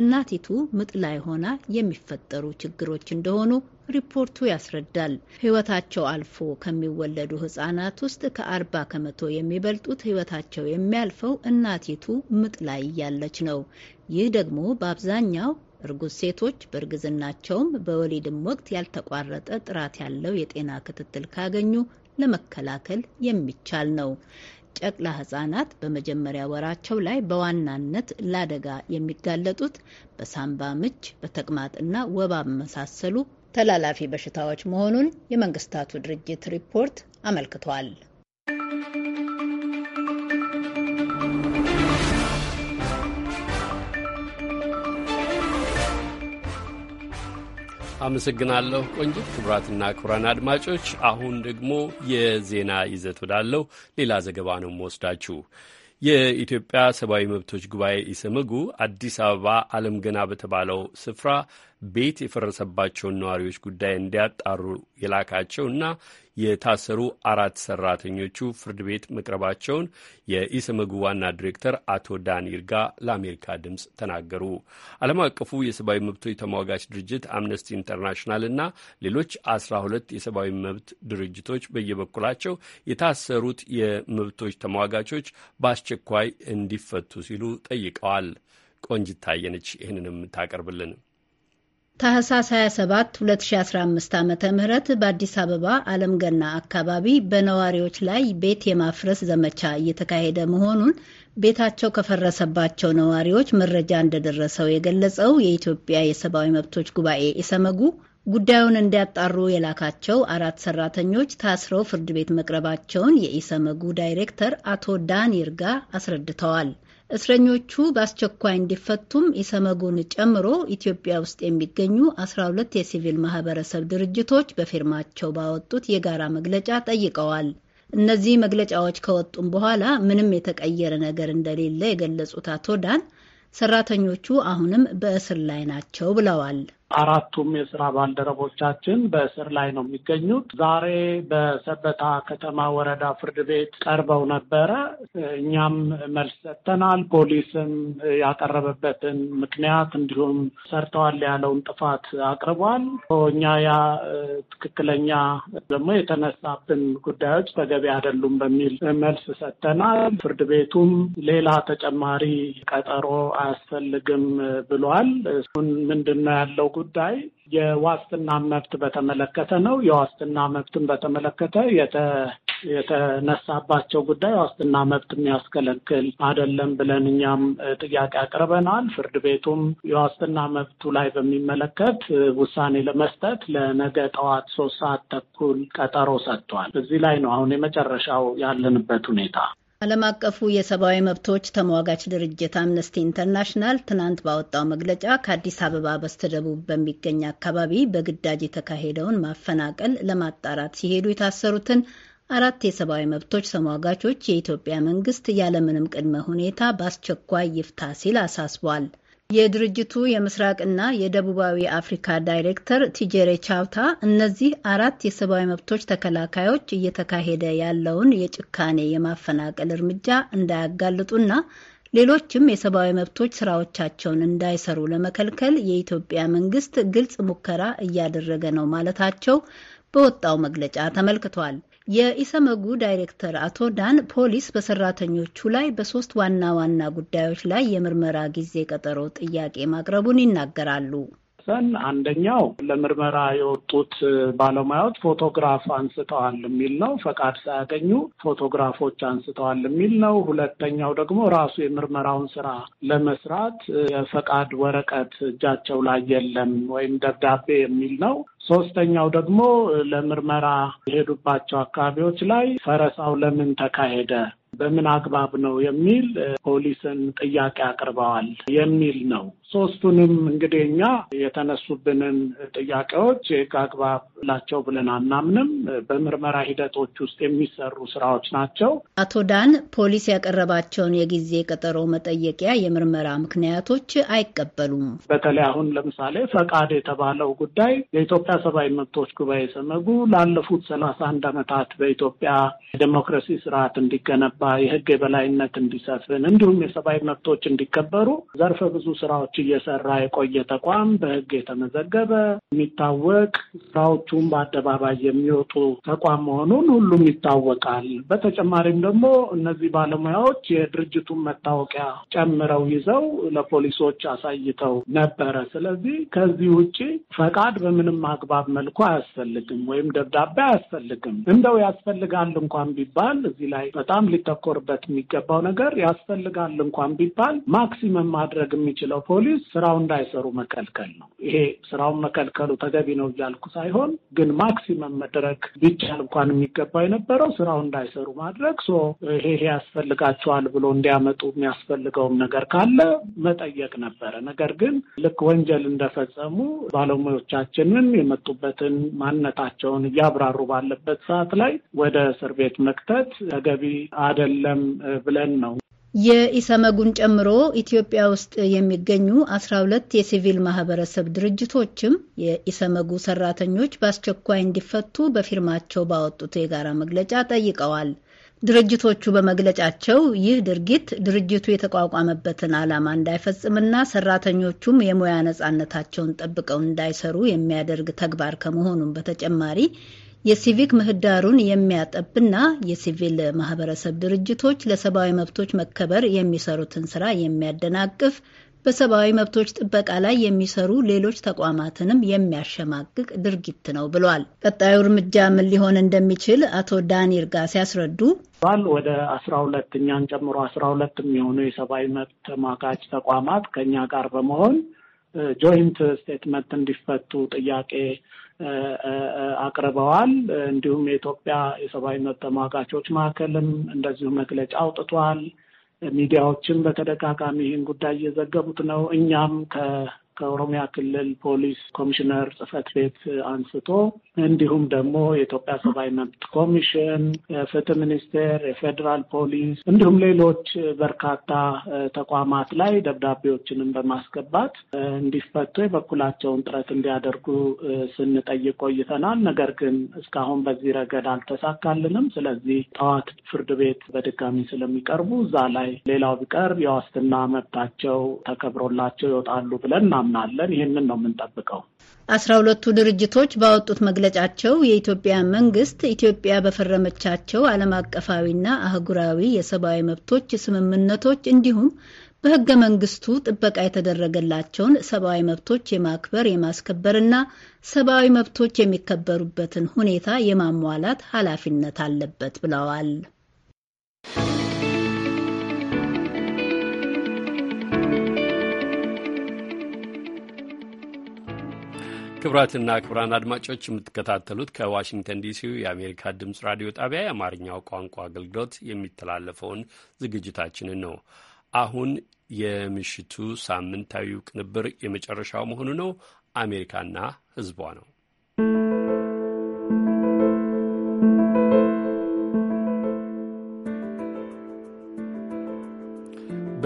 እናቲቱ ምጥ ላይ ሆና የሚፈጠሩ ችግሮች እንደሆኑ ሪፖርቱ ያስረዳል። ህይወታቸው አልፎ ከሚወለዱ ህጻናት ውስጥ ከአርባ ከመቶ የሚበልጡት ህይወታቸው የሚያልፈው እናቲቱ ምጥ ላይ እያለች ነው። ይህ ደግሞ በአብዛኛው እርጉዝ ሴቶች በእርግዝናቸውም በወሊድም ወቅት ያልተቋረጠ ጥራት ያለው የጤና ክትትል ካገኙ ለመከላከል የሚቻል ነው። ጨቅላ ህጻናት በመጀመሪያ ወራቸው ላይ በዋናነት ለአደጋ የሚጋለጡት በሳምባ ምች፣ በተቅማጥና ወባ መሳሰሉ ተላላፊ በሽታዎች መሆኑን የመንግስታቱ ድርጅት ሪፖርት አመልክቷል።
አመሰግናለሁ ቆንጅት። ክቡራትና ክቡራን አድማጮች አሁን ደግሞ የዜና ይዘት ወዳለው ሌላ ዘገባ ነው የምወስዳችሁ። የኢትዮጵያ ሰብአዊ መብቶች ጉባኤ ኢሰመጉ አዲስ አበባ አለም ገና በተባለው ስፍራ ቤት የፈረሰባቸውን ነዋሪዎች ጉዳይ እንዲያጣሩ እና የታሰሩ አራት ሰራተኞቹ ፍርድ ቤት መቅረባቸውን የኢሰመጉ ዋና ዲሬክተር አቶ ዳን ይርጋ ለአሜሪካ ድምፅ ተናገሩ። ዓለም አቀፉ የሰብአዊ መብቶች ተሟጋች ድርጅት አምነስቲ ኢንተርናሽናል እና ሌሎች አስራ ሁለት የሰብአዊ መብት ድርጅቶች በየበኩላቸው የታሰሩት የመብቶች ተሟጋቾች በአስቸኳይ እንዲፈቱ ሲሉ ጠይቀዋል። ቆንጅት ታየነች ይህንንም ታቀርብልን።
ታህሳስ 27 2015 ዓ ም በአዲስ አበባ አለም ገና አካባቢ በነዋሪዎች ላይ ቤት የማፍረስ ዘመቻ እየተካሄደ መሆኑን ቤታቸው ከፈረሰባቸው ነዋሪዎች መረጃ እንደደረሰው የገለጸው የኢትዮጵያ የሰብአዊ መብቶች ጉባኤ ኢሰመጉ ጉዳዩን እንዲያጣሩ የላካቸው አራት ሰራተኞች ታስረው ፍርድ ቤት መቅረባቸውን የኢሰመጉ ዳይሬክተር አቶ ዳን ይርጋ አስረድተዋል። እስረኞቹ በአስቸኳይ እንዲፈቱም ኢሰመጉን ጨምሮ ኢትዮጵያ ውስጥ የሚገኙ 12 የሲቪል ማህበረሰብ ድርጅቶች በፊርማቸው ባወጡት የጋራ መግለጫ ጠይቀዋል። እነዚህ መግለጫዎች ከወጡም በኋላ ምንም የተቀየረ ነገር እንደሌለ የገለጹት አቶ ዳን ሰራተኞቹ አሁንም በእስር ላይ ናቸው ብለዋል።
አራቱም የስራ ባልደረቦቻችን በእስር ላይ ነው የሚገኙት። ዛሬ በሰበታ ከተማ ወረዳ ፍርድ ቤት ቀርበው ነበረ። እኛም መልስ ሰጥተናል። ፖሊስም ያቀረበበትን ምክንያት እንዲሁም ሰርተዋል ያለውን ጥፋት አቅርቧል። እኛ ያ ትክክለኛ ደግሞ የተነሳብን ጉዳዮች ተገቢ አይደሉም በሚል መልስ ሰጥተናል። ፍርድ ቤቱም ሌላ ተጨማሪ ቀጠሮ አያስፈልግም ብሏል። እሱን ምንድን ነው ያለው ጉዳይ የዋስትና መብት በተመለከተ ነው። የዋስትና መብትን በተመለከተ የተነሳባቸው ጉዳይ ዋስትና መብት የሚያስከለክል አይደለም ብለን እኛም ጥያቄ አቅርበናል። ፍርድ ቤቱም የዋስትና መብቱ ላይ በሚመለከት ውሳኔ ለመስጠት ለነገ ጠዋት ሶስት ሰዓት ተኩል ቀጠሮ ሰጥቷል። እዚህ ላይ ነው አሁን የመጨረሻው ያለንበት ሁኔታ።
ዓለም አቀፉ የሰብአዊ መብቶች ተሟጋች ድርጅት አምነስቲ ኢንተርናሽናል ትናንት ባወጣው መግለጫ ከአዲስ አበባ በስተደቡብ በሚገኝ አካባቢ በግዳጅ የተካሄደውን ማፈናቀል ለማጣራት ሲሄዱ የታሰሩትን አራት የሰብአዊ መብቶች ተሟጋቾች የኢትዮጵያ መንግስት ያለምንም ቅድመ ሁኔታ በአስቸኳይ ይፍታ ሲል አሳስቧል። የድርጅቱ የምስራቅና የደቡባዊ አፍሪካ ዳይሬክተር ቲጀሬ ቻውታ እነዚህ አራት የሰብአዊ መብቶች ተከላካዮች እየተካሄደ ያለውን የጭካኔ የማፈናቀል እርምጃ እንዳያጋልጡና ሌሎችም የሰብአዊ መብቶች ስራዎቻቸውን እንዳይሰሩ ለመከልከል የኢትዮጵያ መንግስት ግልጽ ሙከራ እያደረገ ነው ማለታቸው በወጣው መግለጫ ተመልክቷል። የኢሰመጉ ዳይሬክተር አቶ ዳን ፖሊስ በሰራተኞቹ ላይ በሶስት ዋና ዋና ጉዳዮች ላይ የምርመራ ጊዜ ቀጠሮ ጥያቄ ማቅረቡን ይናገራሉ። ደርሰን
አንደኛው ለምርመራ የወጡት ባለሙያዎች ፎቶግራፍ አንስተዋል የሚል ነው። ፈቃድ ሳያገኙ ፎቶግራፎች አንስተዋል የሚል ነው። ሁለተኛው ደግሞ ራሱ የምርመራውን ስራ ለመስራት የፈቃድ ወረቀት እጃቸው ላይ የለም ወይም ደብዳቤ የሚል ነው። ሶስተኛው ደግሞ ለምርመራ የሄዱባቸው አካባቢዎች ላይ ፈረሳው ለምን ተካሄደ በምን አግባብ ነው የሚል ፖሊስን ጥያቄ አቅርበዋል የሚል ነው። ሶስቱንም እንግዲህ እኛ የተነሱብንን ጥያቄዎች የህግ አግባብ ላቸው ብለን አናምንም። በምርመራ ሂደቶች ውስጥ የሚሰሩ ስራዎች ናቸው።
አቶ ዳን ፖሊስ ያቀረባቸውን የጊዜ ቀጠሮ መጠየቂያ የምርመራ ምክንያቶች አይቀበሉም። በተለይ አሁን
ለምሳሌ ፈቃድ የተባለው ጉዳይ የኢትዮጵያ ሰብአዊ መብቶች ጉባኤ ሰመጉ ላለፉት ሰላሳ አንድ ዓመታት በኢትዮጵያ የዴሞክራሲ ስርዓት እንዲገነባ የህግ የበላይነት እንዲሰፍን እንዲሁም የሰብአዊ መብቶች እንዲከበሩ ዘርፈ ብዙ ስራዎች እየሰራ የቆየ ተቋም በህግ የተመዘገበ የሚታወቅ ስራዎቹም በአደባባይ የሚወጡ ተቋም መሆኑን ሁሉም ይታወቃል። በተጨማሪም ደግሞ እነዚህ ባለሙያዎች የድርጅቱን መታወቂያ ጨምረው ይዘው ለፖሊሶች አሳይተው ነበረ። ስለዚህ ከዚህ ውጭ ፈቃድ በምንም አግባብ መልኩ አያስፈልግም ወይም ደብዳቤ አያስፈልግም። እንደው ያስፈልጋል እንኳን ቢባል እዚህ ላይ በጣም ሊተኮርበት የሚገባው ነገር ያስፈልጋል እንኳን ቢባል ማክሲመም ማድረግ የሚችለው ፖሊስ ፖሊስ ስራው እንዳይሰሩ መከልከል ነው። ይሄ ስራውን መከልከሉ ተገቢ ነው እያልኩ ሳይሆን፣ ግን ማክሲመም መድረግ ቢቻል እንኳን የሚገባ የነበረው ስራው እንዳይሰሩ ማድረግ ሶ ይሄ ይሄ ያስፈልጋቸዋል ብሎ እንዲያመጡ የሚያስፈልገውም ነገር ካለ መጠየቅ ነበረ። ነገር ግን ልክ ወንጀል እንደፈጸሙ ባለሙያዎቻችንን የመጡበትን ማንነታቸውን እያብራሩ ባለበት ሰዓት ላይ ወደ እስር ቤት መክተት ተገቢ አይደለም ብለን ነው
የኢሰመጉን ጨምሮ ኢትዮጵያ ውስጥ የሚገኙ 12 የሲቪል ማህበረሰብ ድርጅቶችም የኢሰመጉ ሰራተኞች በአስቸኳይ እንዲፈቱ በፊርማቸው ባወጡት የጋራ መግለጫ ጠይቀዋል። ድርጅቶቹ በመግለጫቸው ይህ ድርጊት ድርጅቱ የተቋቋመበትን ዓላማ እንዳይፈጽምና ሰራተኞቹም የሙያ ነጻነታቸውን ጠብቀው እንዳይሰሩ የሚያደርግ ተግባር ከመሆኑም በተጨማሪ የሲቪክ ምህዳሩን የሚያጠብና የሲቪል ማህበረሰብ ድርጅቶች ለሰብአዊ መብቶች መከበር የሚሰሩትን ስራ የሚያደናቅፍ በሰብአዊ መብቶች ጥበቃ ላይ የሚሰሩ ሌሎች ተቋማትንም የሚያሸማቅቅ ድርጊት ነው ብሏል። ቀጣዩ እርምጃ ምን ሊሆን እንደሚችል አቶ ዳንኤል ጋር ሲያስረዱ
ባል ወደ አስራ ሁለት እኛን ጨምሮ አስራ ሁለት የሚሆኑ የሰብአዊ መብት ተሟጋች ተቋማት ከኛ ጋር በመሆን ጆይንት ስቴትመንት እንዲፈቱ ጥያቄ አቅርበዋል። እንዲሁም የኢትዮጵያ የሰብአዊ መብት ተሟጋቾች ማዕከልም እንደዚሁ መግለጫ አውጥቷል። ሚዲያዎችም በተደጋጋሚ ይህን ጉዳይ እየዘገቡት ነው። እኛም ከኦሮሚያ ክልል ፖሊስ ኮሚሽነር ጽህፈት ቤት አንስቶ እንዲሁም ደግሞ የኢትዮጵያ ሰብአዊ መብት ኮሚሽን፣ የፍትህ ሚኒስቴር፣ የፌዴራል ፖሊስ እንዲሁም ሌሎች በርካታ ተቋማት ላይ ደብዳቤዎችንም በማስገባት እንዲፈቱ የበኩላቸውን ጥረት እንዲያደርጉ ስንጠይቅ ቆይተናል። ነገር ግን እስካሁን በዚህ ረገድ አልተሳካልንም። ስለዚህ ጠዋት ፍርድ ቤት በድጋሚ ስለሚቀርቡ እዛ ላይ ሌላው ቢቀርብ የዋስትና መብታቸው ተከብሮላቸው ይወጣሉ ብለን እናምናለን። ይህንን ነው የምንጠብቀው።
አስራ ሁለቱ ድርጅቶች ባወጡት መግለጫቸው የኢትዮጵያ መንግስት ኢትዮጵያ በፈረመቻቸው ዓለም አቀፋዊና አህጉራዊ የሰብአዊ መብቶች ስምምነቶች እንዲሁም በህገ መንግስቱ ጥበቃ የተደረገላቸውን ሰብአዊ መብቶች የማክበር የማስከበርና ሰብአዊ መብቶች የሚከበሩበትን ሁኔታ የማሟላት ኃላፊነት አለበት ብለዋል።
ክቡራትና ክቡራን አድማጮች የምትከታተሉት ከዋሽንግተን ዲሲው የአሜሪካ ድምፅ ራዲዮ ጣቢያ የአማርኛው ቋንቋ አገልግሎት የሚተላለፈውን ዝግጅታችንን ነው። አሁን የምሽቱ ሳምንታዊው ቅንብር የመጨረሻው መሆኑ ነው። አሜሪካና ሕዝቧ ነው።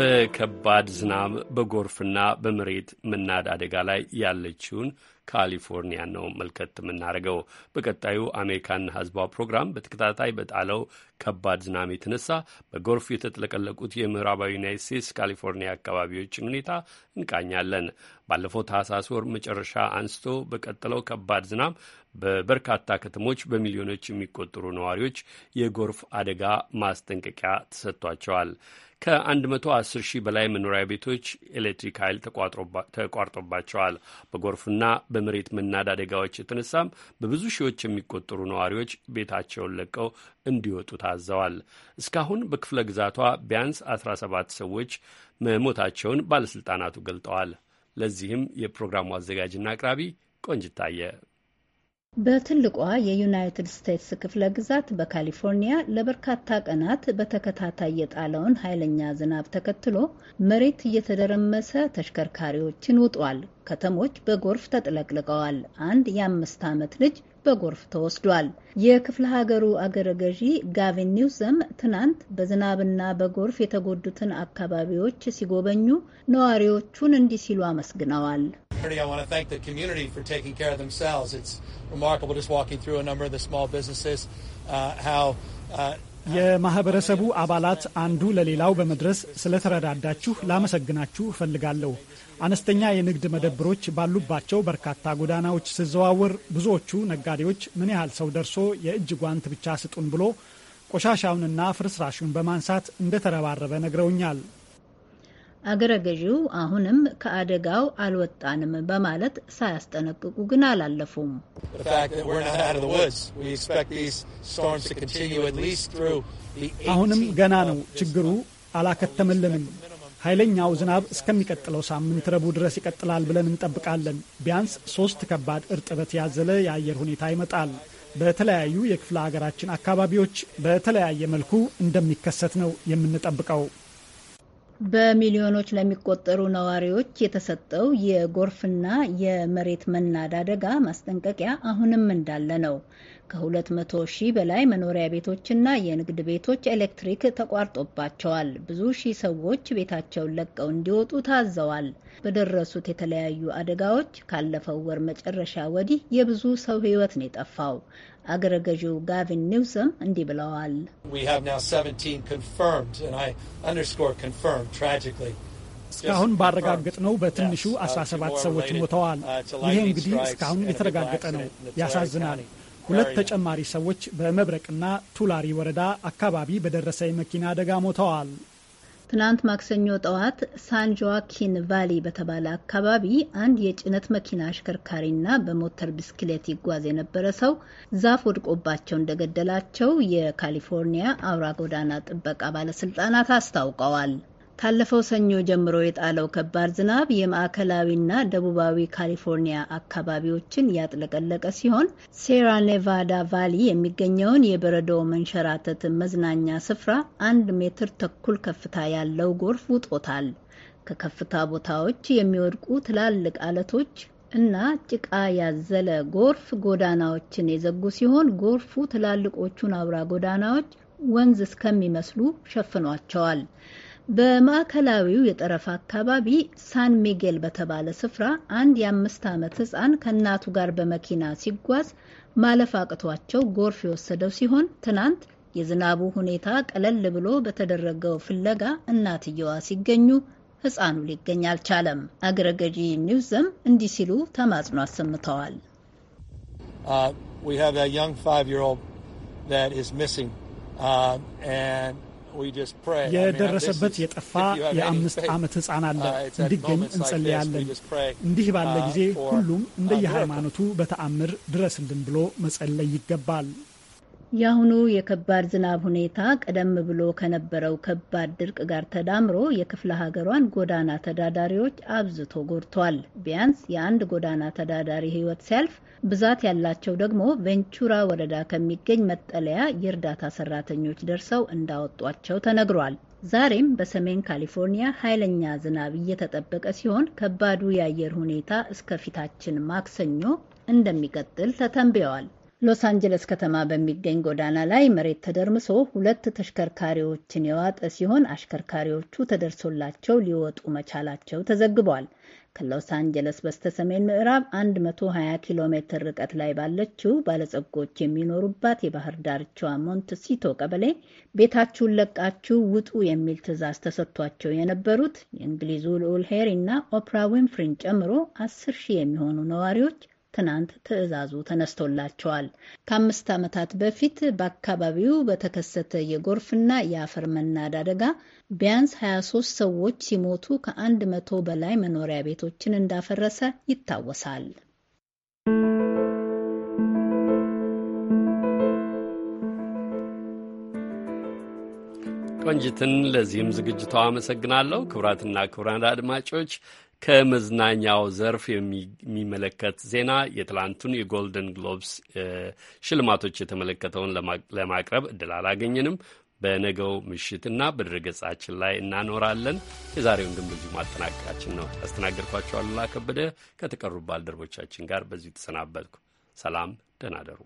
በከባድ ዝናብ በጎርፍና በመሬት መናድ አደጋ ላይ ያለችውን ካሊፎርኒያ ነው መልከት የምናደርገው። በቀጣዩ አሜሪካና ሕዝቧ ፕሮግራም በተከታታይ በጣለው ከባድ ዝናብ የተነሳ በጎርፍ የተጥለቀለቁት የምዕራባዊ ዩናይት ስቴትስ ካሊፎርኒያ አካባቢዎችን ሁኔታ እንቃኛለን። ባለፈው ታህሳስ ወር መጨረሻ አንስቶ በቀጠለው ከባድ ዝናብ በበርካታ ከተሞች በሚሊዮኖች የሚቆጠሩ ነዋሪዎች የጎርፍ አደጋ ማስጠንቀቂያ ተሰጥቷቸዋል። ከ110 ሺህ በላይ መኖሪያ ቤቶች ኤሌክትሪክ ኃይል ተቋርጦባቸዋል። በጎርፍና በመሬት መናድ አደጋዎች የተነሳም በብዙ ሺዎች የሚቆጠሩ ነዋሪዎች ቤታቸውን ለቀው እንዲወጡ ታዘዋል። እስካሁን በክፍለ ግዛቷ ቢያንስ 17 ሰዎች መሞታቸውን ባለሥልጣናቱ ገልጠዋል። ለዚህም የፕሮግራሙ አዘጋጅና አቅራቢ ቆንጅታየ
በትልቋ የዩናይትድ ስቴትስ ክፍለ ግዛት በካሊፎርኒያ ለበርካታ ቀናት በተከታታይ የጣለውን ኃይለኛ ዝናብ ተከትሎ መሬት እየተደረመሰ ተሽከርካሪዎችን ውጧል። ከተሞች በጎርፍ ተጥለቅልቀዋል። አንድ የአምስት ዓመት ልጅ በጎርፍ ተወስዷል። የክፍለ ሀገሩ አገረ ገዢ ጋቪን ኒውሰም ትናንት በዝናብና በጎርፍ የተጎዱትን አካባቢዎች ሲጎበኙ ነዋሪዎቹን እንዲህ ሲሉ አመስግነዋል።
የማህበረሰቡ አባላት አንዱ ለሌላው በመድረስ ስለተረዳዳችሁ ላመሰግናችሁ እፈልጋለሁ። አነስተኛ የንግድ መደብሮች ባሉባቸው በርካታ ጎዳናዎች ስዘዋወር ብዙዎቹ ነጋዴዎች ምን ያህል ሰው ደርሶ የእጅ ጓንት ብቻ ስጡን ብሎ ቆሻሻውንና ፍርስራሹን በማንሳት እንደተረባረበ ነግረውኛል።
አገረ ገዢው አሁንም ከአደጋው አልወጣንም በማለት ሳያስጠነቅቁ ግን አላለፉም።
አሁንም ገና ነው፣ ችግሩ አላከተመልንም። ኃይለኛው ዝናብ እስከሚቀጥለው ሳምንት ረቡዕ ድረስ ይቀጥላል ብለን እንጠብቃለን። ቢያንስ ሶስት ከባድ እርጥበት ያዘለ የአየር ሁኔታ ይመጣል። በተለያዩ የክፍለ ሀገራችን አካባቢዎች በተለያየ መልኩ እንደሚከሰት ነው የምንጠብቀው።
በሚሊዮኖች ለሚቆጠሩ ነዋሪዎች የተሰጠው የጎርፍና የመሬት መናድ አደጋ ማስጠንቀቂያ አሁንም እንዳለ ነው። ከ200 ሺህ በላይ መኖሪያ ቤቶችና የንግድ ቤቶች ኤሌክትሪክ ተቋርጦባቸዋል። ብዙ ሺህ ሰዎች ቤታቸውን ለቀው እንዲወጡ ታዘዋል። በደረሱት የተለያዩ አደጋዎች ካለፈው ወር መጨረሻ ወዲህ የብዙ ሰው ሕይወት ነው የጠፋው። አገረ ገዢው ጋቪን ኒውሰም እንዲህ ብለዋል።
እስካሁን ባረጋገጥ
uh, uh, ነው በትንሹ 17 ሰዎች ሞተዋል። ይሄ እንግዲህ እስካሁን የተረጋገጠ ነው። ያሳዝናል። ሁለት ተጨማሪ ሰዎች በመብረቅና ቱላሪ ወረዳ አካባቢ በደረሰ የመኪና አደጋ ሞተዋል።
ትናንት ማክሰኞ ጠዋት ሳን ጆዋኪን ቫሊ በተባለ አካባቢ አንድ የጭነት መኪና አሽከርካሪና በሞተር ብስክሌት ይጓዝ የነበረ ሰው ዛፍ ወድቆባቸው እንደገደላቸው የካሊፎርኒያ አውራ ጎዳና ጥበቃ ባለስልጣናት አስታውቀዋል። ካለፈው ሰኞ ጀምሮ የጣለው ከባድ ዝናብ የማዕከላዊና ደቡባዊ ካሊፎርኒያ አካባቢዎችን ያጥለቀለቀ ሲሆን ሴራ ኔቫዳ ቫሊ የሚገኘውን የበረዶ መንሸራተት መዝናኛ ስፍራ አንድ ሜትር ተኩል ከፍታ ያለው ጎርፍ ውጦታል። ከከፍታ ቦታዎች የሚወድቁ ትላልቅ አለቶች እና ጭቃ ያዘለ ጎርፍ ጎዳናዎችን የዘጉ ሲሆን ጎርፉ ትላልቆቹን አውራ ጎዳናዎች ወንዝ እስከሚመስሉ ሸፍኗቸዋል። በማዕከላዊው የጠረፍ አካባቢ ሳን ሚጌል በተባለ ስፍራ አንድ የአምስት ዓመት ሕፃን ከእናቱ ጋር በመኪና ሲጓዝ ማለፍ አቅቷቸው ጎርፍ የወሰደው ሲሆን ትናንት የዝናቡ ሁኔታ ቀለል ብሎ በተደረገው ፍለጋ እናትየዋ ሲገኙ ሕፃኑ ሊገኝ አልቻለም። አገረገዢ ኒውዘም እንዲህ ሲሉ ተማጽኖ አሰምተዋል።
uh, we የደረሰበት የጠፋ የአምስት ዓመት
ሕፃን አለ። uh, እንዲገኝ እንጸልያለን። እንዲህ ባለ uh, ጊዜ ሁሉም እንደየሃይማኖቱ በተአምር ድረስልን ብሎ መጸለይ ይገባል።
የአሁኑ የከባድ ዝናብ ሁኔታ ቀደም ብሎ ከነበረው ከባድ ድርቅ ጋር ተዳምሮ የክፍለ ሀገሯን ጎዳና ተዳዳሪዎች አብዝቶ ጎድቷል። ቢያንስ የአንድ ጎዳና ተዳዳሪ ሕይወት ሲያልፍ ብዛት ያላቸው ደግሞ ቬንቹራ ወረዳ ከሚገኝ መጠለያ የእርዳታ ሰራተኞች ደርሰው እንዳወጧቸው ተነግሯል። ዛሬም በሰሜን ካሊፎርኒያ ኃይለኛ ዝናብ እየተጠበቀ ሲሆን ከባዱ የአየር ሁኔታ እስከ ፊታችን ማክሰኞ እንደሚቀጥል ተተንብየዋል። ሎስ አንጀለስ ከተማ በሚገኝ ጎዳና ላይ መሬት ተደርምሶ ሁለት ተሽከርካሪዎችን የዋጠ ሲሆን አሽከርካሪዎቹ ተደርሶላቸው ሊወጡ መቻላቸው ተዘግቧል። ከሎስ አንጀለስ በስተሰሜን ምዕራብ 120 ኪሎ ሜትር ርቀት ላይ ባለችው ባለጸጎች የሚኖሩባት የባህር ዳርቻዋ ሞንትሲቶ ቀበሌ ቤታችሁን ለቃችሁ ውጡ የሚል ትዕዛዝ ተሰጥቷቸው የነበሩት የእንግሊዙ ልዑል ሄሪ እና ኦፕራ ዊንፍሪን ጨምሮ 10 ሺህ የሚሆኑ ነዋሪዎች ትናንት ትዕዛዙ ተነስቶላቸዋል። ከአምስት ዓመታት በፊት በአካባቢው በተከሰተ የጎርፍና የአፈር መናድ አደጋ ቢያንስ 23 ሰዎች ሲሞቱ ከአንድ መቶ በላይ መኖሪያ ቤቶችን እንዳፈረሰ ይታወሳል።
ቆንጅትን ለዚህም ዝግጅቷ አመሰግናለሁ። ክቡራትና ክቡራን አድማጮች ከመዝናኛው ዘርፍ የሚመለከት ዜና የትላንቱን የጎልደን ግሎብስ ሽልማቶች የተመለከተውን ለማቅረብ እድል አላገኘንም። በነገው ምሽትና በድረገጻችን ላይ እናኖራለን። የዛሬውን ግን በዚሁ ማጠናቀቃችን ነው። ያስተናገድኳቸው አሉላ ከበደ ከተቀሩ ባልደረቦቻችን ጋር በዚሁ ተሰናበትኩ። ሰላም፣ ደህና አደሩ።